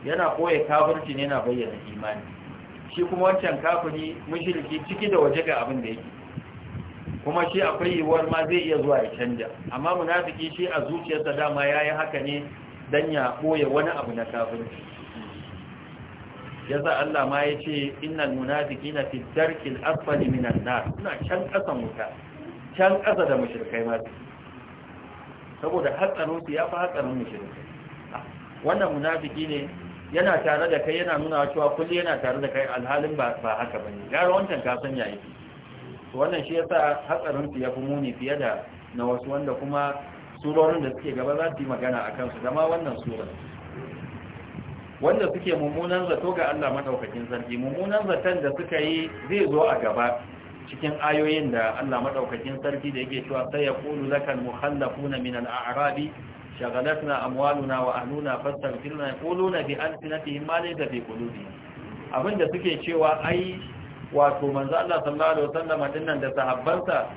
yana koya kafirci ne yana bayyana imani shi kuma wancan kafiri mushriki ciki da waje ga abin da yake kuma shi akwai yiwuwar ma zai iya zuwa ya canja amma munafiki shi a zuciyarsa dama yi haka ne dan ya ɓoye wani abu na kafirci Ya yasa Allah ma ya ce, yace innal na fi ddarkil asfali minan nar suna can kasan wuta can ƙasa da mushrikai ma saboda hatsarin su ya fi hatsarin mushrikai wannan munafiki ne yana tare da kai yana nuna cewa kulli yana tare da kai alhalin ba haka ba ne, gara wancan ka san yayi wannan shi ya sa hatsarin su fi muni fiye da na wasu wanda kuma surorin da suke gaba za su yi magana a kansu. zama wannan surar wanda suke mummunan zato ga Allah madaukakin sarki mummunan zaton da suka yi zai zo a gaba cikin ayoyin da Allah madaukakin sarki da yake cewa sai yaqulu zakal mukhallafuna min al-a'rabi shaghalatna amwaluna wa ahluna fastaghfirna yaquluna bi alsinatihim ma laysa fi qulubihim abinda suke cewa ai wato manzo Allah sallallahu alaihi wasallam dinnan da sahabbansa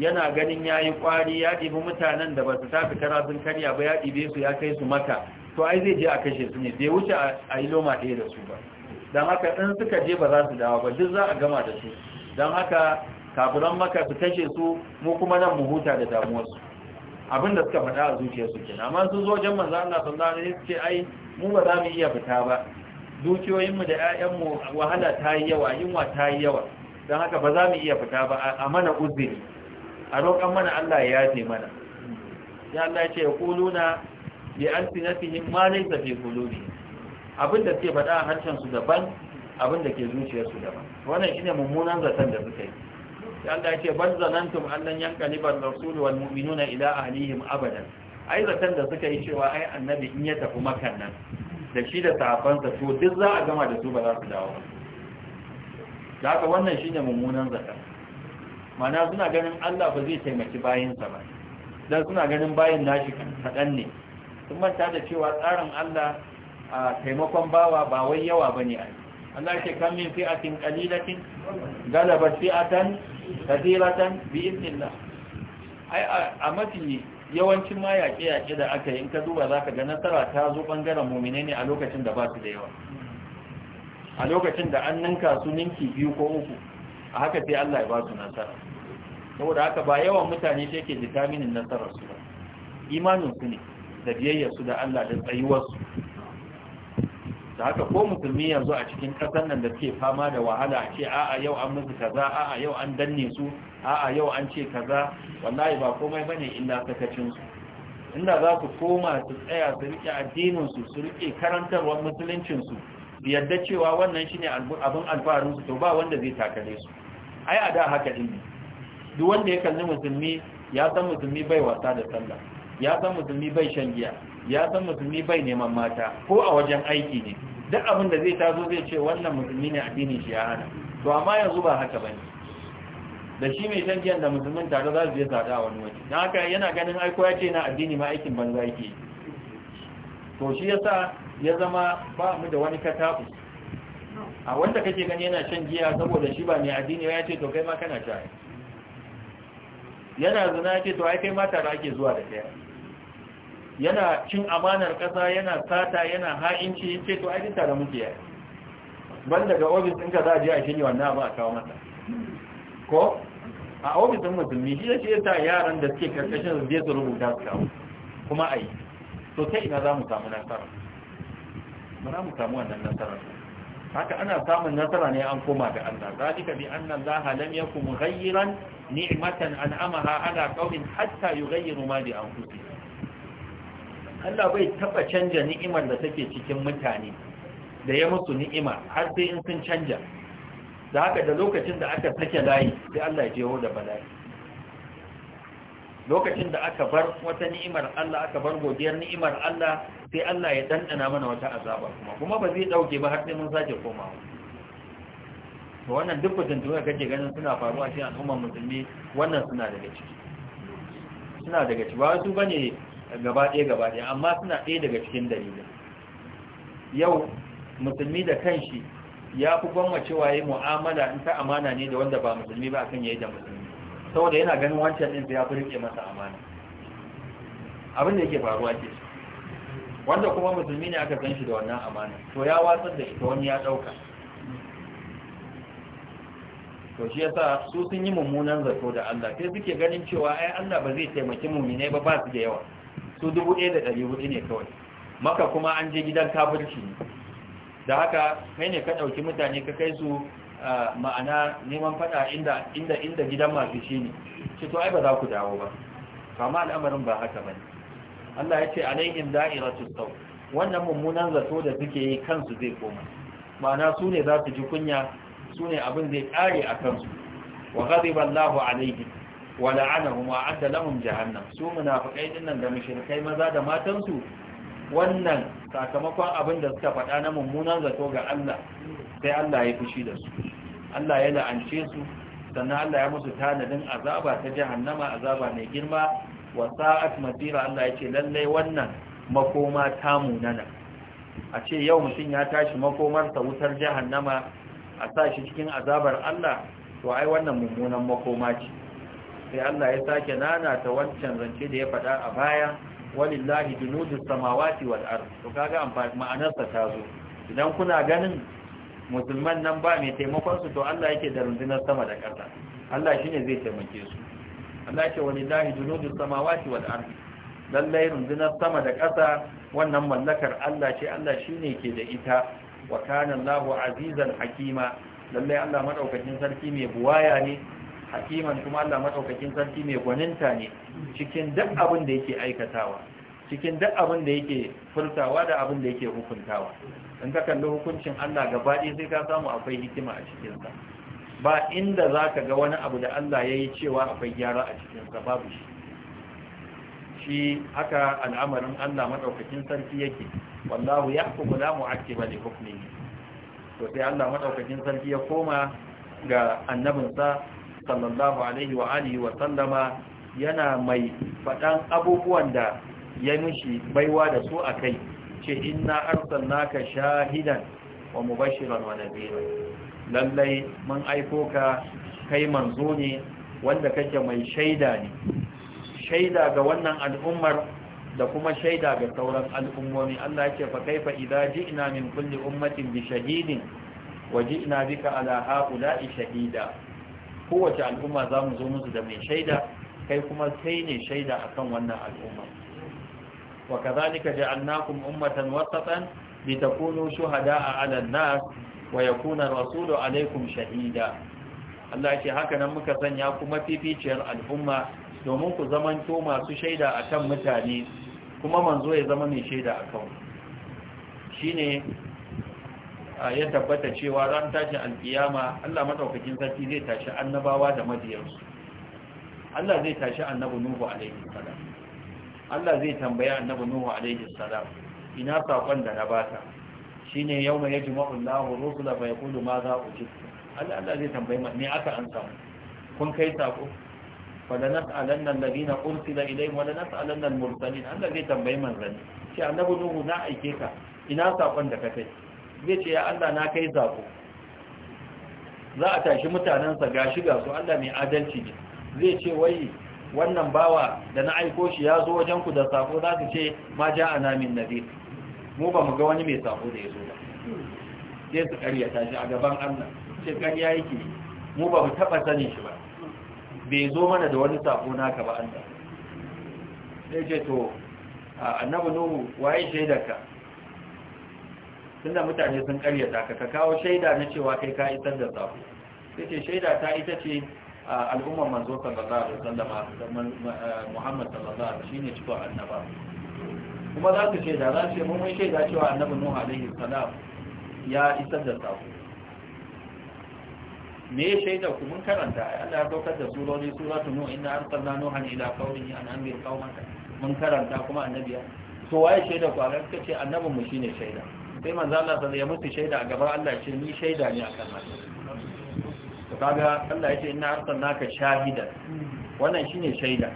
yana ganin yayi kwari ya dibi mutanen da ba su tafi karasun kariya karya ba ya dibe su ya kai su maka to ai zai je a kashe su ne bai wuce a yi loma ɗaya da su ba don haka in suka je ba za su dawo ba duk za a gama da su don haka kafiran maka su kashe su mu kuma nan mu huta da damuwarsu abin da suka faɗa a su ke amma sun zo wajen manzan Allah sallallahu alaihi wasallam ce ai mu ba za mu iya fita ba dukiyoyinmu da 'ya'yanmu wahala ta yi yawa yunwa ta yi yawa don haka ba za mu iya fita ba a mana uzuri a roƙon mana Allah ya yafe mana ya Allah ce kuluna bi alsinatihim ma laysa fi qulubi abinda suke faɗa a harshen su daban abinda ke zuciyar su daban wannan shine mummunan zaton da suka yi sai Allah ya ce bal zanantum annan yanqaliban rasul wal mu'minuna ila ahlihim abadan ai zaton da suka yi cewa ai annabi in ya tafi makan nan da shi da sahabbansa to duk za a gama da su ba za su dawo da haka wannan shine mummunan zaton mana suna ganin Allah ba zai taimaki bayinsa ba dan suna ganin bayin nashi kadan ne sun manta da cewa tsarin Allah a taimakon bawa ba wai yawa bane ai Allah ce kan min fi fi'atin qalilatin galabat fi'atan kathiratan bi idnillah ai a mafi yawancin ma yaƙe yaƙe da aka yi in ka duba zaka ga nasara ta zo bangaren mu'mine ne a lokacin da ba su da yawa a lokacin da an ninka su ninki biyu ko uku a haka sai Allah ya ba su nasara saboda haka ba yawan mutane shi ke determinin nasarar su ba imanin su ne da biyayyarsu da Allah da tsayuwarsu da haka ko musulmi yanzu a cikin ƙasar nan da suke fama da wahala a ce a'a yau an musu kaza a'a yau an danne su a'a yau an ce kaza wallahi ba komai bane illa sakacin su inda za ku koma su tsaya su rike addinin su su rike karantarwar musuluncin su yadda cewa wannan shine abin alfarin su to ba wanda zai takale su ai a da haka din duk wanda ya kalli musulmi ya san musulmi bai wasa da sallah ya san musulmi bai shan giya ya san musulmi bai neman mata ko a wajen aiki ne duk abin da zai tazo zai ce wannan musulmi ne addinin shi ya hana to amma yanzu ba haka bane da shi mai shan giyan da musulmin tare za su je sada wani waje Na haka yana ganin aiko ya ce na addini ma aikin banza yake to shi yasa ya zama ba mu da wani katabu a wanda kake gani yana shan giya saboda shi ba mai addini ya ce to kai ma kana shaye yana zina ce to ai kai ma tare ake zuwa da kai yana cin amanar ƙasa yana sata yana ha'inci ce to ai tare muke yayi ban daga ofis ɗinka za a je a shirya wannan abu a kawo masa ko a ofis musulmi shi da shi ya sa yaran da suke karkashin su je su rubuta su kawo kuma a yi to sai ina za mu samu nasara ba za mu samu wannan nasara haka ana samun nasara ne an koma ga Allah zalika bi anna Allah lam yakum mughayyiran ni'matan amaha, ala qaumin hatta yughayyiru ma bi anfusihim Allah bai taba canja ni'imar da take cikin mutane da ya musu ni'ima har sai in sun canja da haka da lokacin da aka sake layi sai Allah ya jeho da bala'i lokacin da aka bar wata ni'imar Allah aka bar godiyar ni'imar Allah sai Allah ya dandana mana wata azaba kuma kuma ba zai dauke ba har sai mun sake komawa to wannan duk fitintuna kake ganin suna faruwa cikin al'ummar musulmi wannan suna daga ciki suna daga ciki ba su bane gaba ɗaya gaba ɗaya amma suna ɗaya daga cikin dalilin yau musulmi da kanshi ya fi gwamma cewa ya yi mu'amala in ta amana ne da wanda ba musulmi ba akan yayi da musulmi saboda yana ganin wancan ɗin ya fi riƙe masa amana abin da yake faruwa ke wanda kuma musulmi ne aka san shi da wannan amana to ya watsar da shi ta wani ya ɗauka to shi yasa su sun yi mummunan zato da Allah sai suke ganin cewa ai Allah ba zai taimaki mu'minai ba ba su da yawa su dubu ɗaya da ɗari hudu ne kawai maka kuma an je gidan kafirci ne da haka kai ne ka ɗauki mutane ka kai su ma'ana neman faɗa inda inda gidan masu shi ne ce to ai ba za ku dawo ba kama al'amarin ba haka bane Allah ya ce alaihim da'iratu saw wannan mummunan zato da suke yi kansu zai koma ma'ana su ne za su ji kunya su ne abin zai kare a kansu wa ghadiba Allahu alaihim wa la'anahum wa adda lahum jahannam su munafikai dinnan da mushrikai maza da matan su wannan sakamakon abin da suka faɗa na mummunan zato ga Allah sai Allah ya fushi da su Allah ya la'ance su sannan Allah ya musu tanadin azaba ta jahannama azaba mai girma wa sa'at masira Allah yace lallai wannan makoma ta munana a ce yau mutum ya tashi makomarsa wutar jahannama a sa shi cikin azabar Allah to ai wannan mummunan makoma ce sai Allah ya sake ta wancan zance da ya faɗa a baya walillahi junudus samawati wal ard to kaga amfani ma'anarsa ta zo idan kuna ganin musulman nan ba mai taimakon su to Allah yake da rundunar sama da ƙasa Allah shine zai taimake su Allah ce walillahi junudus samawati wal ard lallai rundunar sama da ƙasa wannan mallakar Allah ce Allah shine ke da ita wa kana Allahu azizan hakima lallai Allah madaukakin sarki mai buwaya ne hakiman kuma Allah madaukakin sarki mai gwaninta ne cikin duk abin da yake aikatawa cikin duk abin da yake furtawa da abin da yake hukuntawa in ka kalli hukuncin Allah gabaɗaya sai ka samu akwai hikima a cikin sa ba inda zaka ga wani abu da Allah yayi cewa akwai gyara a cikin sa babu shi shi haka al'amarin Allah madaukakin sarki yake wallahu yahkumu la mu'aqqiba li hukmihi to sai Allah madaukakin sarki ya koma ga annabinsa sallallahu alaihi wa alihi wa sallama yana mai faɗan abubuwan da ya mishi baiwa da su a kai ce inna arsalnaka shahidan wa mubashiran wa nadhira lallai mun aiko ka kai manzo ne wanda kake mai shaida ne shaida ga wannan al'ummar da kuma shaida ga sauran al'ummomi Allah yake fa kaifa idza ji'na min kulli ummatin bi shahidin waje ina bika ala ha'ula'i shahida kowace al'umma za mu zo musu da mai shaida kai kuma kai ne shaida akan wannan al'umma wa kadhalika ja'alnakum ummatan wasatan litakunu shuhada'a 'ala an-nas wa yakuna ar-rasulu 'alaykum shahida Allah ce haka nan muka sanya kuma fificiyar al'umma domin ku zamanto masu shaida akan mutane kuma manzo ya zama mai shaida akan shine ya tabbata cewa ran tashin alƙiyama. Allah madaukakin sarki zai tashi annabawa da mabiyansu Allah zai tashi annabi Nuhu alaihi salam Allah zai tambaya annabi Nuhu alaihi salam ina sakon da na bata shine yawma yajma'u Allahu rusula fa yaqulu ma za ujibtu Allah Allah zai tambaye me aka an samu kun kai sako فلنسألن الذين أرسل إليهم ولنسألن المرسلين الله زي تنبيه منزل na aike ka. Ina أيكيكا da ka kai? zai ce ya Allah na kai zako za a tashi mutanensa shi ga su Allah mai adalci ne zai ce wai wannan bawa da na aiko shi ya zo wajenku da sako za su ce ma ja a namin na zai mu ba mu ga wani mai sako da ya zo ba sai su karyata shi a gaban Allah ce yi yake mu ba mu taba sanin shi ba bai zo mana da wani sako naka ba Allah sai ce to annabi nuhu waye shaidarka tunda mutane sun karyata ka ka kawo shaida na cewa kai ka isar da zafi sai ce shaida ta ita ce al'umman manzo sallallahu alaihi wasallam Muhammad sallallahu alaihi shine cikin annaba kuma za su shaida za su ce mun shaida cewa annabi Nuhu alaihi salam ya isar da zafi me shaida ku mun karanta Allah ya saukar da surori suratu nuh inna arsalna nuhan ila qaumihi an amir qaumaka mun karanta kuma annabiya to waye shaida ku a gaskiya ce annabin mu shine shaida sai manzo Allah sai ya mutu shaida a gaban Allah ce ni shaida ne akan haka kaga Allah yace inna arsalnaka shahida wannan shine shaida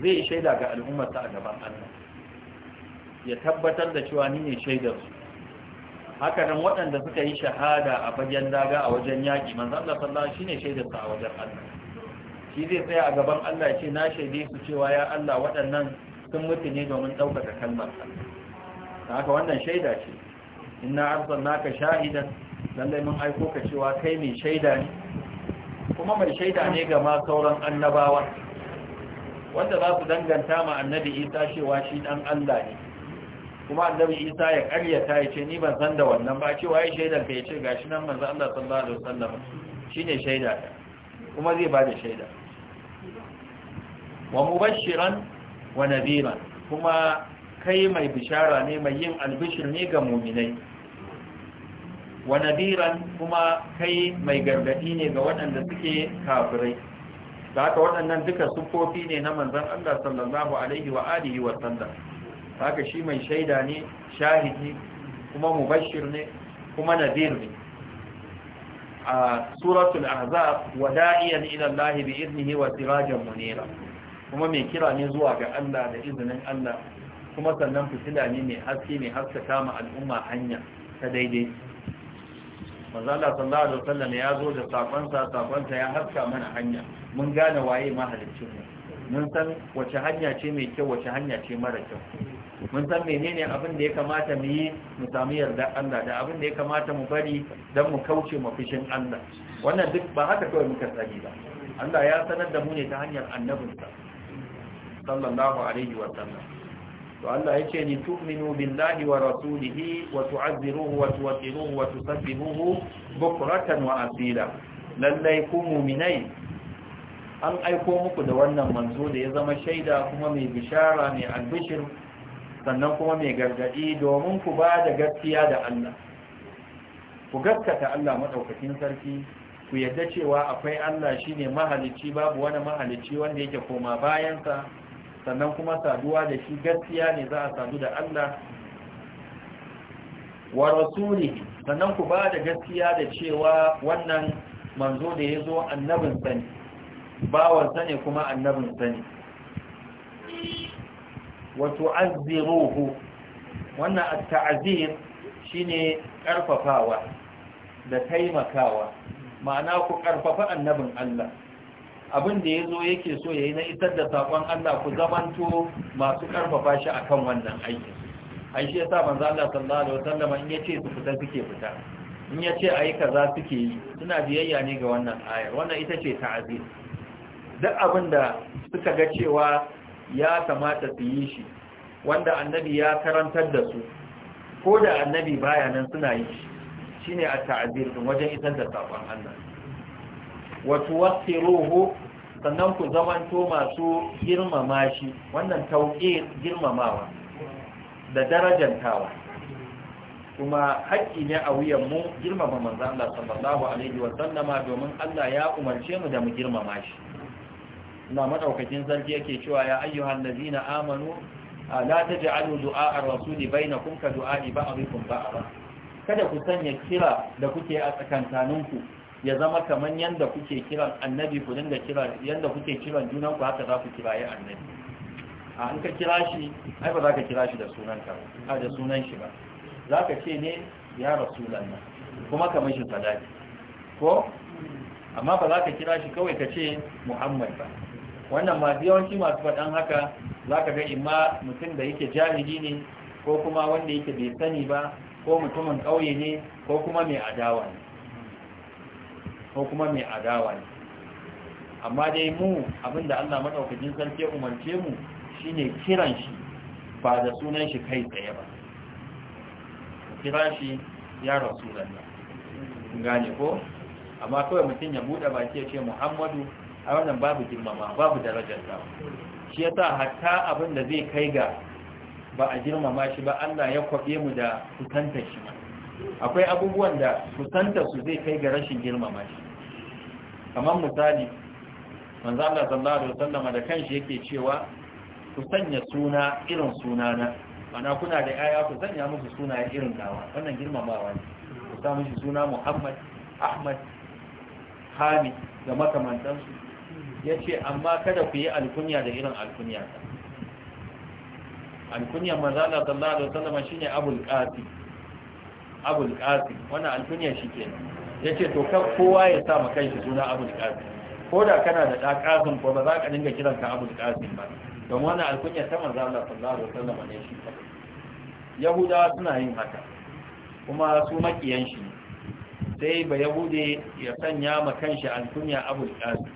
zai yi shaida ga ta a gaban Allah ya tabbatar da cewa ni ne shaidar haka nan waɗanda suka yi shahada a fagen daga a wajen yaki, manzo Allah sallallahu alaihi shine shaidar sa a wajen Allah shi zai tsaya a gaban Allah ya ce na shaide su cewa ya Allah waɗannan sun mutu ne domin ɗaukaka kalmar Allah haka wannan shaida ce inna naka shahidan lallai mun aiko ka cewa kai mai shaida ne kuma mai shaida ne ga ma sauran annabawa wanda za su danganta ma annabi isa cewa shi dan Allah ne kuma annabi isa ya karyata ya ce ni ban san da wannan ba cewa ya shaidar ka ya ce gashi nan manzo Allah sallallahu alaihi wasallam shine shaida ta kuma zai ba da shaida wa mubashiran wa nadhiran kuma kai mai bishara ne mai yin albishir ne ga muminai wa nadiran kuma kai mai gargadi ne ga waɗanda suke kafirai da haka waɗannan duka sufofi ne na manzon Allah sallallahu alaihi wa alihi wa sallam haka shi mai shaida ne shahidi kuma mubashir ne kuma nadir ne a suratul ahzab wada'iyan ila Allah bi idnihi wa sirajan munira kuma mai kira ne zuwa ga Allah da izinin Allah kuma sannan fitila ne mai haske mai haska ma al'umma hanya ta daidai mazala sallallahu alaihi wasallam ya zo da sakonsa sakonsa ya haska mana hanya mun gane waye mahalicin mu mun san wace hanya ce mai kyau wace hanya ce mara kyau mun san menene abin da ya kamata mu yi mu samu yarda Allah da abin da ya kamata mu bari don mu kauce ma fushin Allah wannan duk ba haka kawai muka sani ba Allah ya sanar da mu ne ta hanyar annabinsa sallallahu alaihi wasallam to Allah yake ni tu'minu billahi wa rasulihi wa tu'azziruhu wa tuwaqqiruhu wa tusabbihuhu bukratan wa asila lallai ku mu'minai an aiko muku da wannan manzo da ya zama shaida kuma mai bishara mai albishir sannan kuma mai gargadi domin ku ba da gaskiya da Allah ku gaskata Allah madaukakin sarki ku yadda cewa akwai Allah shine mahalicci babu wani mahalicci wanda yake koma bayansa sannan kuma saduwa da shi gaskiya ne za a sadu da Allah wa rasulihi sannan ku ba da gaskiya da cewa wannan manzo da ya zo annabin sani bawan sani kuma annabin sani wato tu'azziruhu wannan ta'azir shi shine ƙarfafawa da taimakawa ma'ana ku ƙarfafa annabin Allah abin da ya zo yake so ya yi na isar da saƙon Allah ku zamanto masu ƙarfafa shi a kan wannan aikin ai shi ya sa manzo Allah sallallahu alaihi wasallam in ya ce su fita suke fita in ya yace ayi kaza suke yi suna biyayya ne ga wannan ayar wannan ita ce ta'azir duk abin da suka ga cewa ya kamata su yi shi wanda annabi ya karantar da su ko da annabi baya nan suna yi shi shine a taazir wajen isar da saƙon Allah وتوقروه sannan ku zamanto masu girmama shi wannan tauƙir girmamawa da darajantawa kuma haƙƙi ne a wuyan mu girmama manzo Allah sallallahu alaihi wa sallama domin Allah ya umarce mu da mu girmama shi ina madaukakin sarki yake cewa ya ayyuhan Nazina amanu la taj'alu du'a ar-rasuli bainakum ka du'a ba'dikum ba'd kada ku sanya kira da kuke a tsakankaninku ya zama kamar yanda kuke kiran annabi ku dinga kira yanda kuke kiran junan ku haka za ku kira ya annabi a an ka kira shi ai ba za ka kira shi da sunan ka a da sunan shi ba za ka ce ne ya rasulan nan kuma kamar shi sadaki ko amma ba za ka kira shi kawai ka ce muhammad ba wannan ma yawanci masu faɗan haka za ka ga imma mutum da yake jahili ne ko kuma wanda yake bai sani ba ko mutumin ƙauye ne ko kuma mai adawa ne ko kuma mai adawa ne amma dai mu abinda Allah madaukakin sarki ya umarce mu shine kiran shi ba da sunan shi kai tsaye ba kira shi ya rasulullah gane ko amma kawai mutum ya bude baki ya ce Muhammadu a wannan babu girmama babu darajar ta shi yasa hatta abinda zai kai ga ba a girmama shi ba Allah ya kwabe mu da kusantar shi akwai abubuwan da kusantar su zai kai ga rashin girmama shi kamar misali manzo Allah sallallahu alaihi wasallam da kanshi yake cewa ku sanya suna irin sunana ana kuna da yaya ku sanya musu suna irin dawa wannan girmamawa ne ku sa musu suna Muhammad Ahmad Hamid da makamantansu yace amma kada ku yi alkunya da irin alkunya ta alkunya manzo Allah sallallahu alaihi wasallam shine Abul Qasim Abul Qasim wannan alkunya shi kenan ya ce to kowa ya sa ma kanshi suna abul qasim ko da kana da ɗa qasim ko ba za ka dinga ka abul qasim ba don wani alkunya ta manzo Allah sallallahu alaihi wasallam ne shi yahudawa suna yin haka kuma su makiyan shi sai ba yahude ya sanya ma kanshi alkunya abul qasim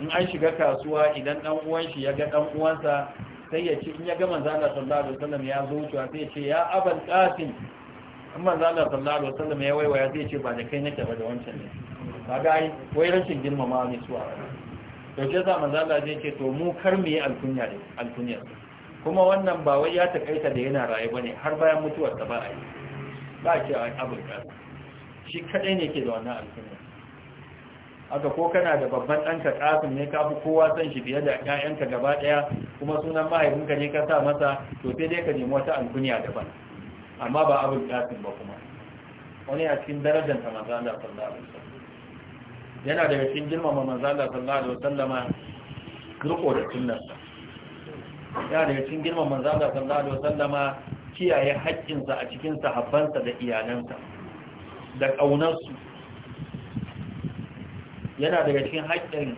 in an shiga kasuwa idan ɗan uwan shi ya ga ɗan uwansa sai ya ce in ya ga manzo Allah sallallahu alaihi wasallam ya zo cewa sai ya ce ya abul qasim kuma za Allah sallallahu alaihi wasallam ya waiwaya zai ce ba da kai nake ba da wancan ne kaga ai wai rashin girmamawa ne su a to je za manzo Allah zai ce to mu kar mu yi alkunya alkunya kuma wannan ba wai ya takaita da yana raye bane har bayan mutuwar ta ba a yi ba ce abin ka shi kadai ne ke da wannan alkunya aka ko kana da babban ɗanka ƙafin ne ka fi kowa san shi fiye da ƴaƴanka gaba ɗaya kuma sunan mahaifinka ne ka sa masa to sai dai ka nemi wata alkunya daban amma ba abin kafin ba kuma wani a cikin darajar ta manzo sallallahu alaihi wasallam yana daga cikin girmama mazala sallallahu alaihi wasallama riko da sunnar yana daga cikin girmama mazala sallallahu alaihi wasallama kiyaye haƙƙinsa a cikin sahabbansa da iyalansa da ƙaunarsu yana daga cikin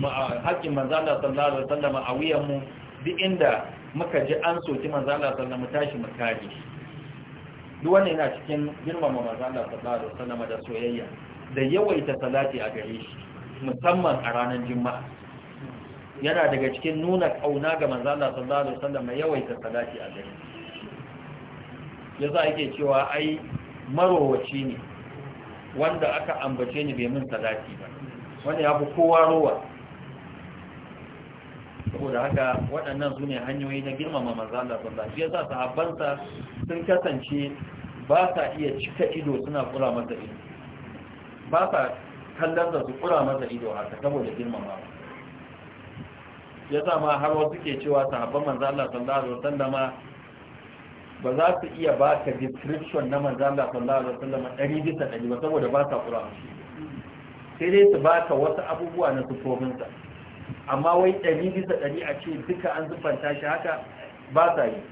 haƙƙin haƙƙin mazala sallallahu alaihi wasallama a wuyanmu duk inda muka ji an soki mazala sallallahu alaihi wasallama tashi mu kare shi duk yana cikin girmama manzo Allah sallallahu da soyayya da yawaita salati a gare shi musamman a ranar juma'a yana daga cikin nuna kauna ga maza Allah sallallahu yawaita salati a gare shi yasa yake cewa ai marowaci ne wanda aka ambace ni bai mun salati ba wanda yafi kowa rowa saboda haka waɗannan su ne hanyoyi na girmama manzala sallah shi yasa sahabbansa sun kasance ba sa iya cika ido suna kula masa ido ba sa kallon da su kula masa ido haka saboda girmama ya ma har wasu ke cewa sahabban manzala sallallahu alaihi wasallam ma ba za su iya ba ka description na manzala sallallahu da wasallam dama ɗari bisa ɗari ba saboda ba sa kura sai dai su ba ka wasu abubuwa na sufofinsa amma wai ɗari bisa ɗari a ce duka an zubanta shi haka ba sa yi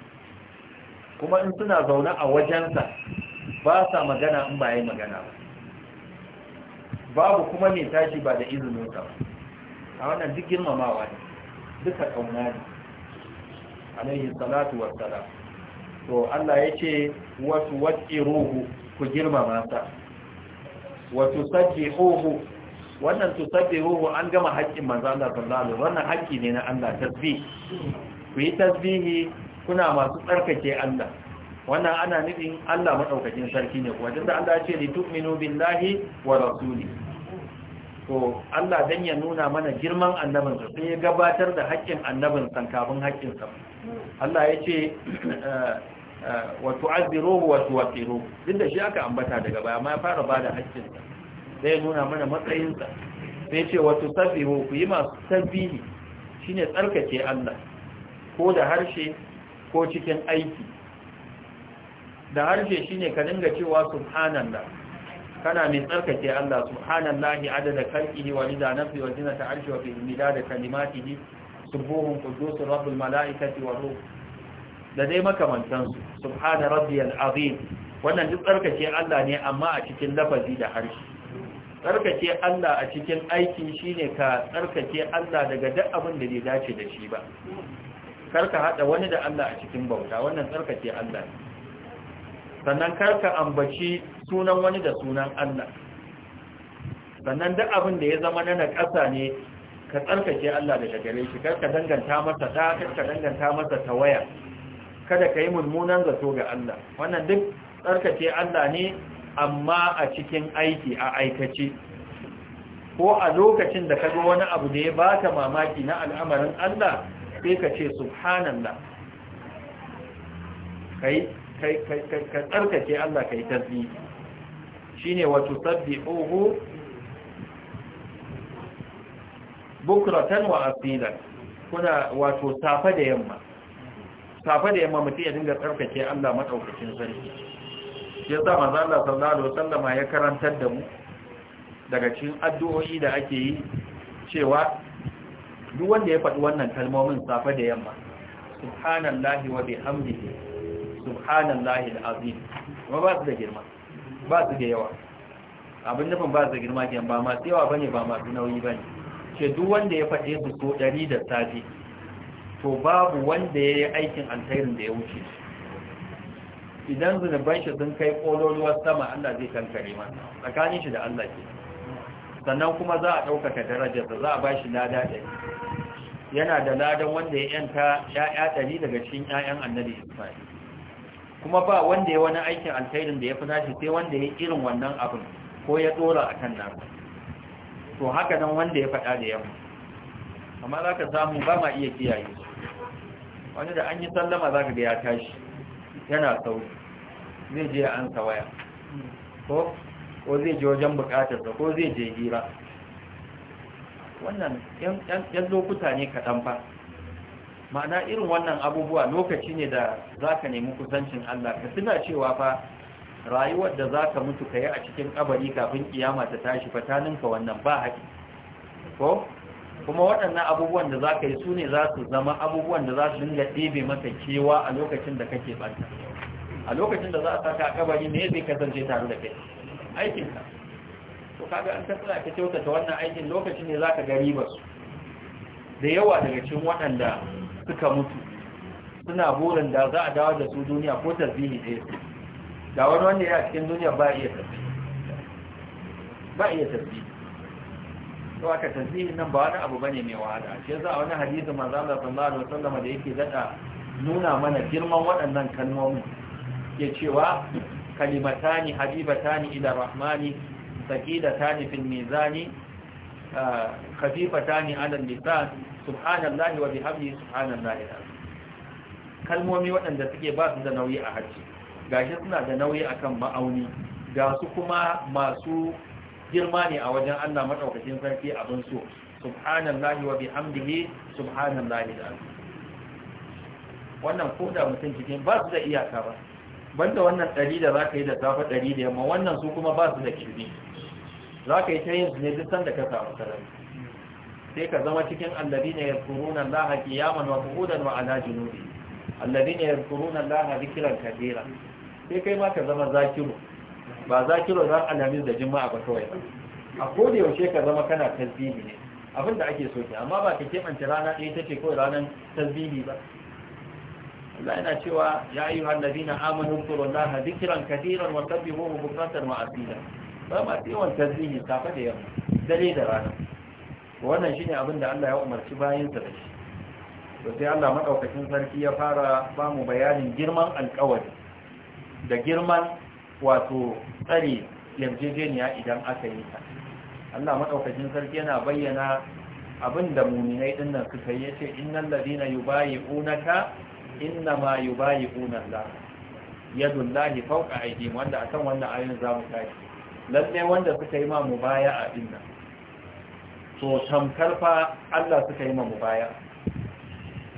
kuma in suna zaune a wajensa ba sa magana in ba yi magana ba babu kuma mai tashi ba da izinin ba a wannan duk girmamawa ne duka ƙauna ne alaihi salatu Was-Salam to Allah ya ce wasu wasu ruhu ku girmama sa wasu sajjihuhu wannan ruhu an gama haƙƙin manzo Allah sallallahu alaihi wannan haƙƙi ne na Allah tasbih ku yi tasbihi kuna masu tsarkake Allah wannan ana nufin Allah madaukakin sarki ne kuma tunda Allah ya ce li tu'minu billahi wa rasuli to Allah dan ya nuna mana girman annabin sa sai ya gabatar da haƙƙin annabin san kafin haƙƙin sa Allah ya ce wa tu'azziruhu wa tuwaqqiruhu duk da shi aka ambata daga baya amma ya fara bada haƙƙin zai nuna mana matsayinsa sai ce wato sabbihu ku yi masu sabbihi shine tsarkake Allah ko da harshe ko cikin aiki da harshe shine ka dinga cewa subhanallah kana mai tsarkake Allah subhanallahi adada khalqihi wa rida nafsi wa zinata arshi wa fi midada kalimatihi subuhun qudusur rabbul malaikati wa ruh da dai makamantansu subhana rabbiyal azim wannan duk tsarkake Allah ne amma a cikin lafazi da harshe tsarkake Allah a cikin shi shine ka tsarkake Allah daga duk abin da zai dace da shi ba karka hada wani da Allah a cikin bauta wannan tsarkake Allah sannan karka ambaci sunan wani da sunan Allah sannan duk abin da ya zama na nakasa ne ka tsarkake Allah daga gare shi karka danganta masa da karka danganta masa ta waya kada ka yi mummunan zato ga Allah wannan duk tsarkake Allah ne amma a cikin aiki a aikace ko a lokacin da kaga wani abu da ya baka mamaki na al'amarin Allah sai ka ce subhanallah kai kai kai ka tsarkake Allah kai tasbihi shine wa tusabbihu bukratan wa asila kuna wato safa da yamma safa da yamma mutum ya dinga tsarkake Allah madaukakin sarki shi yasa manzo Allah sallallahu alaihi wasallama ya karantar da mu daga cikin addu'o'i da ake yi cewa duk wanda ya faɗi wannan kalmomin safe da yamma subhanallahi wa bihamdihi subhanallahi alazim kuma ba su da girma ba su da yawa abin nufin ba su da girma kenan ba masu yawa bane ba masu nauyi bane ce duk wanda ya faɗe su ko 100 da safe to babu wanda ya yi aikin alkhairin da ya wuce shi idan zunuban shi sun kai kololuwar sama Allah zai kankare ma tsakanin shi da Allah ke sannan kuma za a ɗaukaka darajarsa za a ba shi lada ɗari yana da ladan wanda ya yanta ya'ya ɗari daga cikin ya'yan annabi ismail kuma ba wanda ya wani aikin alkhairin da ya fi nashi sai wanda ya irin wannan abin ko ya ɗora a kan nan to haka nan wanda ya faɗa da yamma amma za ka samu ba ma iya kiyaye wani da an yi sallama za ka ga ya tashi yana sauri zai je an waya ko zai je wajen bukatarsa ko zai je gira wannan yan lokuta ne kaɗan ba ma'ana irin wannan abubuwa lokaci ne da za ka nemi kusancin Allah ka suna cewa fa rayuwar da za ka mutu ka yi a cikin kabari kafin kiyama ta tashi ka wannan ba haƙi ko kuma waɗannan abubuwan da za ka yi su ne za su zama abubuwan da za su dinga ɗebe maka kewa a lokacin da kake ɓanta a lokacin da za a saka kabari ne zai kasance tare da kai aikinka to kaga an kasara ka kyautata wannan aikin lokacin ne za ka ga su da yawa daga cikin waɗanda suka mutu suna burin da za a dawo da su duniya ko tasbihi ɗaya su da wani wanda ya cikin duniya ba iya tasbihi ba iya tasbihi to aka tasbihin nan ba wani abu bane mai wahala shi yasa wani hadisi manzo Allah sallallahu alaihi wasallam da yake dada nuna mana girman waɗannan kalmomi ke cewa kalimatani habibatani ila rahmani saqilatani fil mizani khafifatani ala lisan subhanallahi wa bihamdihi subhanallahi kalmomi waɗanda suke ba su da nauyi a hajji gashi suna da nauyi akan ma'auni ga su kuma masu girma ne a wajen Allah madaukakin sarki abin so subhanallahi wa bihamdihi subhanallahi da wannan ko da mutum cikin ba su da iyaka ba banda wannan ɗari da za ka yi da safa ɗari da yamma wannan su kuma ba su da kirbi za ka yi ta yin ne duk sanda ka samu sarari sai ka zama cikin allabi ne ya kuruna Allah kiyaman wa kuhudan wa ala junubi allabi ne ya kuruna Allah zikiran kadira sai kai ma ka zama zakiru ba za ki alhamis da juma'a ba kawai a da yaushe ka zama kana tasbihi ne abin da ake so ki amma ba ka keɓance rana ɗaya ta ce kawai ranar tasbihi ba Allah yana cewa ya ayyu hallazina amanu na dhikran katiran wa sabbihuhu bukratan wa asila ba ma yawan tasbihi safa da yamma dare da rana wannan shine abin da Allah ya umarci bayansa sa da shi to sai Allah madaukakin sarki ya fara ba mu bayanin girman alƙawari da girman wato tsari yarjejeniya idan aka yi ta Allah madaukakin sarki yana bayyana abin da muminai din nan suka yi yace innal ladina yubayi'unaka innama yubayi'una Allah yadullahi fawqa aiki wanda akan wannan za mu tashi lalle wanda suka yi ma mubaya'a din nan to tamkar fa Allah suka yi ma baya.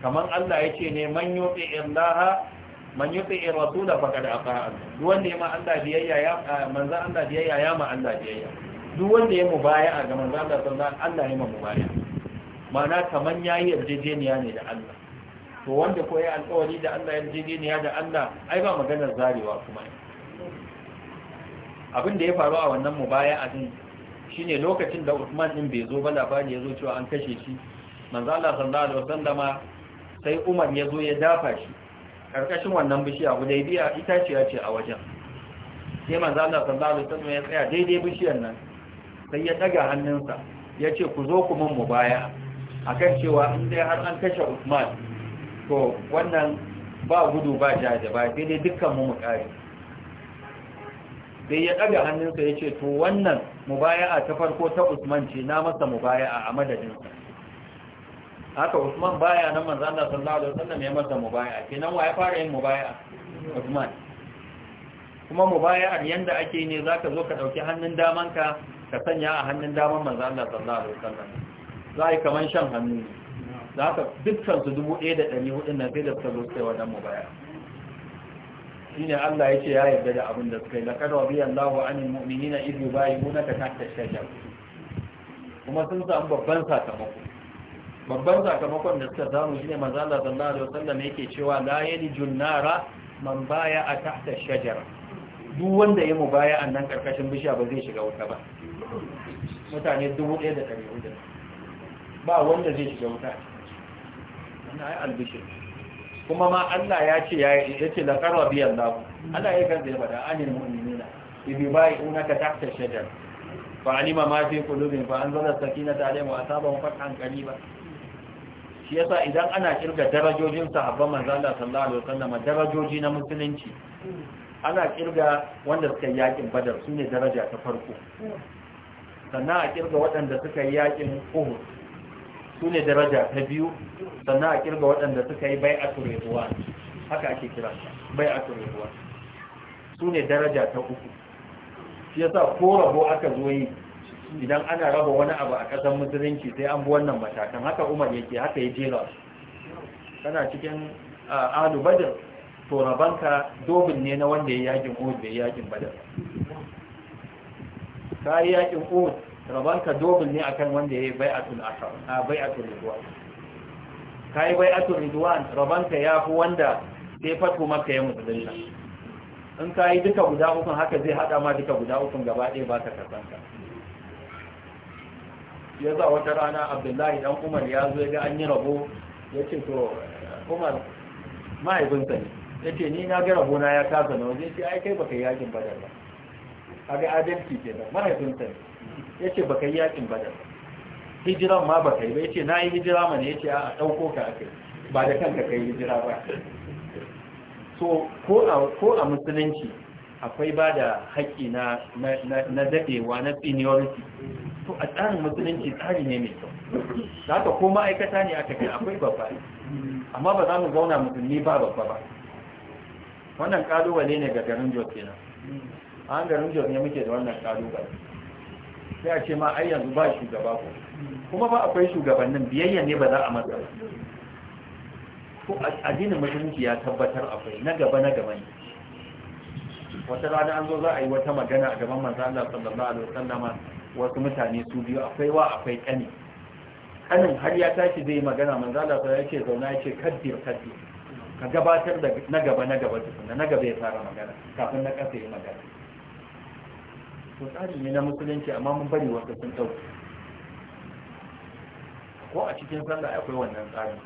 Kamar Allah yace ne man yuti illaha man yuti rasula faqad aqa duk wanda ya ma Allah biyayya ya manzo Allah biyayya ya ma Allah biyayya duk wanda ya mubaya'a ga manzo Allah sallallahu Allah ya ma mubaya'a ma'ana kaman yayi yarjejeniya ne da Allah to wanda ko yayi alƙawari da Allah yarjejeniya da Allah ai ba maganar zarewa kuma abin da ya faru a wannan mubaya'a din shine lokacin da Uthman din bai zo ba labari ya zo cewa an kashe shi manzo Allah sallallahu alaihi wasallama sai Umar ya zo ya dafa shi karkashin wannan bishiya biya itaciya ce a wajen sai manzo Allah sallallahu alaihi wasallam ya tsaya daidai bishiyar nan sai ya daga hannunsa ya ce ku zo ku mun baya akan cewa in dai har an kashe Usman to wannan ba gudu ba jaje ba sai dai dukkan mu mu kare sai ya daga hannunsa ya ce to wannan mubaya'a ta farko ta Usman ce na masa mubaya'a a madadinsa haka Usman baya nan manzo Allah sallallahu alaihi wasallam ya masa mubaya kenan wa ya fara yin mubaya Usman kuma mubaya'ar yanda ake ne zaka zo ka dauki hannun damanka ka sanya a hannun daman manzo Allah sallallahu alaihi wasallam zai kaman shan hannu zaka dukkan su 1400 nan sai da su zo sai wadan mubaya shine Allah yace ya yarda da abin da suka yi laqad radiyallahu anil mu'minina idh yubayyi'unaka tahta ash-shajar kuma sun samu babban sakamako babban sakamakon da suka samu shine manzo Allah sallallahu alaihi wasallam yake cewa la yalijun junnara man baya a tahta shajara duk wanda ya mubaya a nan karkashin bishiya ba zai shiga wuta ba mutane 1400 ba wanda zai shiga wuta wannan ai albishir kuma ma Allah ya ce ya yace la bi Allah Allah ya kan ya bada anil mu'minina ibi bai ka tahta shajara fa alima ma fi qulubihim fa anzala sakinata alaihim wa asabahum fathan qariba shi yasa idan ana kirga darajojin sahabban manzo Allah sallallahu alaihi wasallam darajoji na musulunci ana kirga wanda suka yi yakin badar su ne daraja ta farko sannan a kirga waɗanda suka yi yakin uhud su ne daraja ta biyu sannan a kirga waɗanda suka yi bai a haka ake kira bai a sune su ne daraja ta uku shi yasa ko rabo aka zo yi idan ana raba wani abu a ƙasar musulunci sai an bi wannan matakan haka umar yake haka ya jera kana cikin alu badar to rabanka dobin ne na wanda ya yakin uhud bai yakin badar ta yi yakin uhud rabanka dobin ne akan wanda ya yi bai'atul asar a bai'atul ridwan ka yi bai'atul ridwan rabanka ya fi wanda sai fatu maka ya musulunta in ka yi duka guda ukun haka zai hada ma duka guda ukun gaba ɗaya ba ka kasanta. ya za wata rana abdullahi dan umar ya zo ga an yi rabo ya ce to umar mahaifinsa ne ya ce ni na ga rabo na ya kasa na waje ce ai kai baka yakin badar ba a ga adalci ke da mahaifinsa ne ya ce baka yakin badar ba hijiran ma baka yi ba ya ce na yi hijira ma ne ya ce a ɗauko ka aka ba da kanka kai hijira ba so ko a musulunci akwai ba da haƙƙi na daɗewa na seniority to a tsarin musulunci tsari ne mai kyau za ka koma aikata ne aka kai akwai babba amma ba za mu zauna musulmi ba babba ba wannan kalubale ne ga garin jos nan a garin jos ne muke da wannan kalubale sai a ce ma ai yanzu ba shugaba ko kuma ba akwai shugabannin biyayya ne ba za a matsa ko addinin musulunci ya tabbatar akwai na gaba na gaba ne wata rana an zo za a yi wata magana a gaban manzo Allah sallallahu alaihi wasallama wasu mutane su biyu akwai wa akwai kani kanin har ya tashi zai magana manzala sai ya ce zauna yake kaddir kaddir ka gabatar da na gaba na gaba tukuna na gaba ya fara magana kafin na ƙasa ya magana to tsari ne na musulunci amma mun bari wasu sun ɗauki ko a cikin sallah akwai wannan tsarin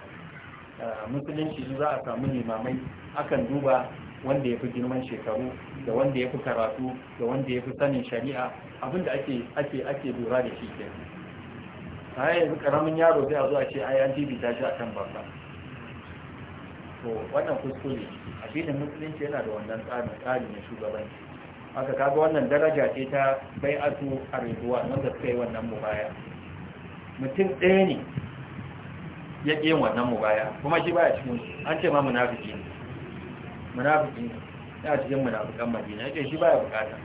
eh, musulunci in za a samu limamai akan duba wanda ya fi girman shekaru da wanda ya fi karatu da wanda ya fi sanin shari'a abinda ake ake ake lura da shi ke a yanzu karamin yaro zai a zo a ce ai an ta shi kan babba to wannan kuskure addinin musulunci yana da wannan tsarin tsari na shugabanci haka kaga wannan daraja ce ta asu a ribuwa wanda suka yi wannan mubaya mutum ɗaya ne ya ƙi wannan mubaya kuma shi baya cikin an ce ma munafiki ne ne ya cikin munafikan madina ya ce shi baya bukata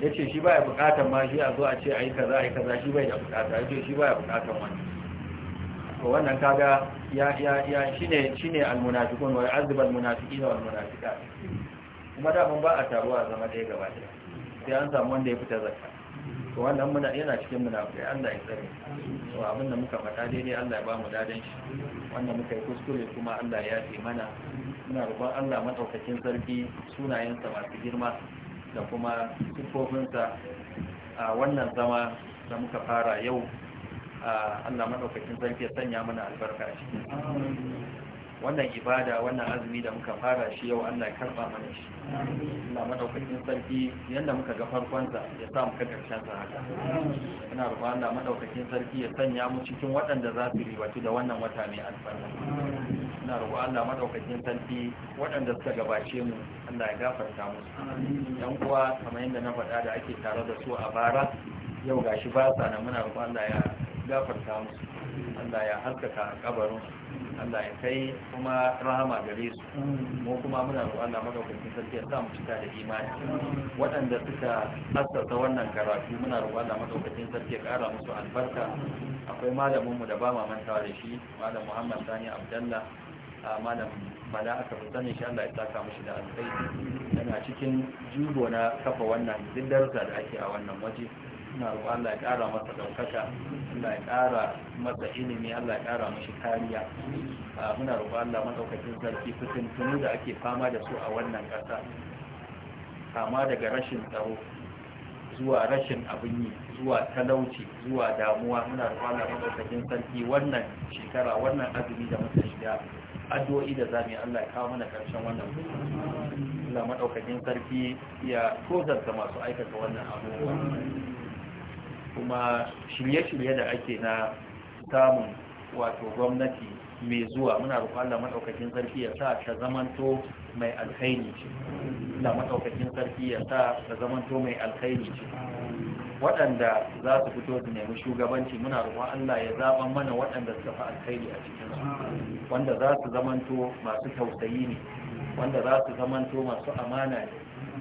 ya ce shi baya bukata ma shi a zo a ce ayi kaza ayi kaza shi bai da bukata ya ce shi baya bukata wani to wannan kaga ya ya ya shine shine almunafiqun wa azab almunafiqin wa almunafiqat kuma da mun ba a taruwa zama ɗaya gaba ɗaya sai an samu wanda ya fita zakka to wannan muna yana cikin munafiqai Allah ya tsare to abin da muka faɗa dai Allah ya ba mu dadan shi wanda muka yi kuskure kuma Allah ya yi mana muna roƙon Allah madaukakin sarki sunayensa masu girma da kuma sifofinsa a wannan zama da muka fara yau Allah madaukakin sarki ya sanya mana albarka shi wannan ibada wannan azumi da muka fara shi yau Allah ya karba mana shi Allah madaukakin sarki yanda muka ga farkon sa ya sa muka karshen sa haka ina roƙon Allah madaukakin sarki ya sanya mu cikin waɗanda za su ribatu da wannan wata mai alfarma ina roƙon Allah madaukakin sarki waɗanda suka gabace mu Allah ya gafarta musu yan uwa kamar yadda na faɗa da ake tare da su a bara yau gashi ba sa nan muna roƙon Allah ya gafarta musu Allah ya haskaka kabarin su Allah ya kai kuma rahama gare su mu kuma muna roƙon Allah madaukakin sarki ya sa mu cika da imani waɗanda suka assasa wannan karatu muna roƙon Allah madaukakin sarki ya ƙara musu albarka akwai malamin mu da ba mantawa da shi malam Muhammad Sani Abdallah malam bala aka fi sani shi Allah ya saka mishi da alkhairi yana cikin jigo na kafa wannan duk da ake a wannan waje suna roƙo Allah ya ƙara masa ɗaukaka Allah ya ƙara masa ilimi Allah ya ƙara mashi kariya muna roƙo Allah maɗaukakin sarki tunu da ake fama da su a wannan ƙasa kama daga rashin tsaro zuwa rashin abin yi zuwa talauci zuwa damuwa muna da Allah maɗaukakin sarki wannan shekara wannan azumi da muka shiga addu'o'i da za mu yi Allah ya kawo mana ƙarshen wannan Allah maɗaukakin sarki ya tozarta masu aikata wannan abubuwa kuma shirye-shirye da ake na samun wato gwamnati mai zuwa muna roƙon Allah maɗaukakin sarki ya sa ta zamanto mai alkhaini. ce Allah maɗaukakin sarki ya sa ta zamanto mai alkhaini. ce waɗanda za su fito su nemi shugabanci muna roƙon Allah ya zaɓa mana waɗanda suka fi alkhairi a cikin su wanda za su zamanto masu tausayi ne wanda za su zamanto masu amana ne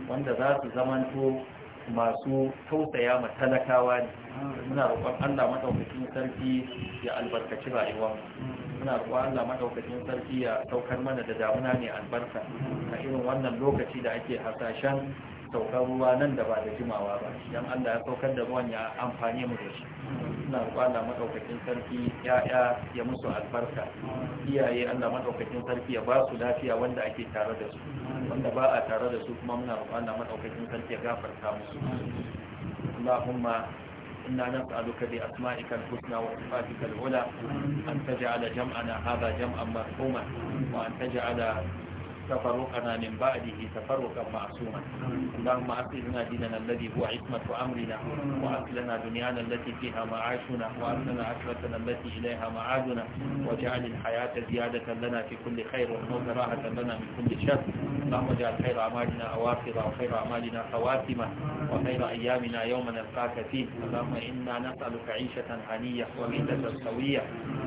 wanda za su zamanto masu tausaya ma talakawa ne muna roƙon Allah madaukakin sarki ya albarkaci rayuwar muna roƙon Allah madaukakin sarki ya saukar mana da damuna ne albarka a irin wannan lokaci da ake hasashen saukar ruwa nan da ba da jimawa ba idan Allah ya saukar da ruwan ya amfane mu da shi suna roƙon Allah madaukakin sarki ya'ya ya musu albarka iyaye Allah madaukakin sarki ya ba su lafiya wanda ake tare da su wanda ba a tare da su kuma muna roƙon Allah madaukakin sarki ya gafarta musu Allahumma إنا نسألك بأسمائك الحسنى وصفاتك العلى أن تجعل جمعنا هذا جمعا مرحوما وأن تجعل تفرقنا من بعده تفرقا معصوما اللهم أصلنا ديننا الذي هو عصمة أمرنا وأكلنا دنيانا التي فيها معاشنا وأكلنا أسرتنا التي إليها معادنا واجعل الحياة زيادة لنا في كل خير والموت راحة لنا من كل شر اللهم اجعل خير أعمالنا أواخر وخير أعمالنا خواتمة وخير أيامنا يوم نلقاك فيه اللهم إنا نسألك عيشة هنية وميتة سوية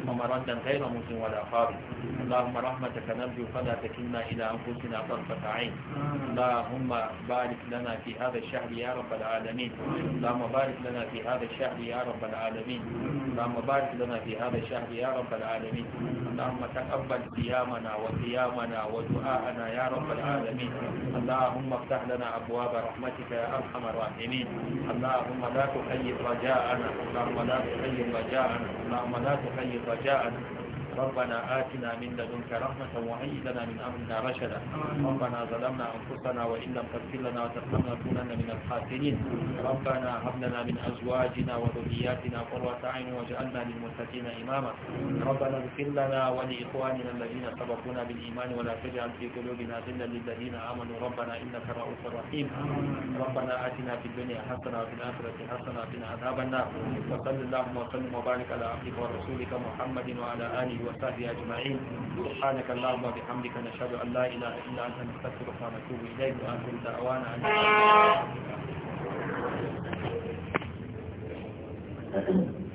ومردا غير مزن ولا خارج اللهم رحمتك نرجو فلا تكلنا إلى أنفسنا طرفة عين اللهم بارك لنا في هذا الشهر يا رب العالمين اللهم بارك لنا في هذا الشهر يا رب العالمين اللهم بارك لنا في هذا الشهر يا رب العالمين اللهم تقبل صيامنا وقيامنا ودعاءنا يا رب العالمين اللهم افتح لنا أبواب رحمتك يا أرحم الراحمين اللهم لا تخيب رجاءنا اللهم لا تخيب رجاءنا اللهم لا تخيب رجاءنا ربنا آتنا من لدنك رحمة وهيئ لنا من أمرنا رشدا ربنا ظلمنا أنفسنا وإن لم تغفر لنا وترحمنا لنكونن من الخاسرين ربنا هب لنا من أزواجنا وذرياتنا قرة أعين واجعلنا للمتقين إماما ربنا اغفر لنا ولإخواننا الذين سبقونا بالإيمان ولا تجعل في قلوبنا غلا للذين آمنوا ربنا إنك رؤوف رحيم ربنا آتنا في الدنيا حسنة وفي الآخرة حسنة وقنا عذاب النار وصلى اللهم وسلم وبارك على عبدك ورسولك محمد وعلى آله وصحبه أجمعين سبحانك اللهم وبحمدك نشهد أن لا إله إلا أنت نستغفرك ونتوب إليك وآخر دعوانا أن الحمد لله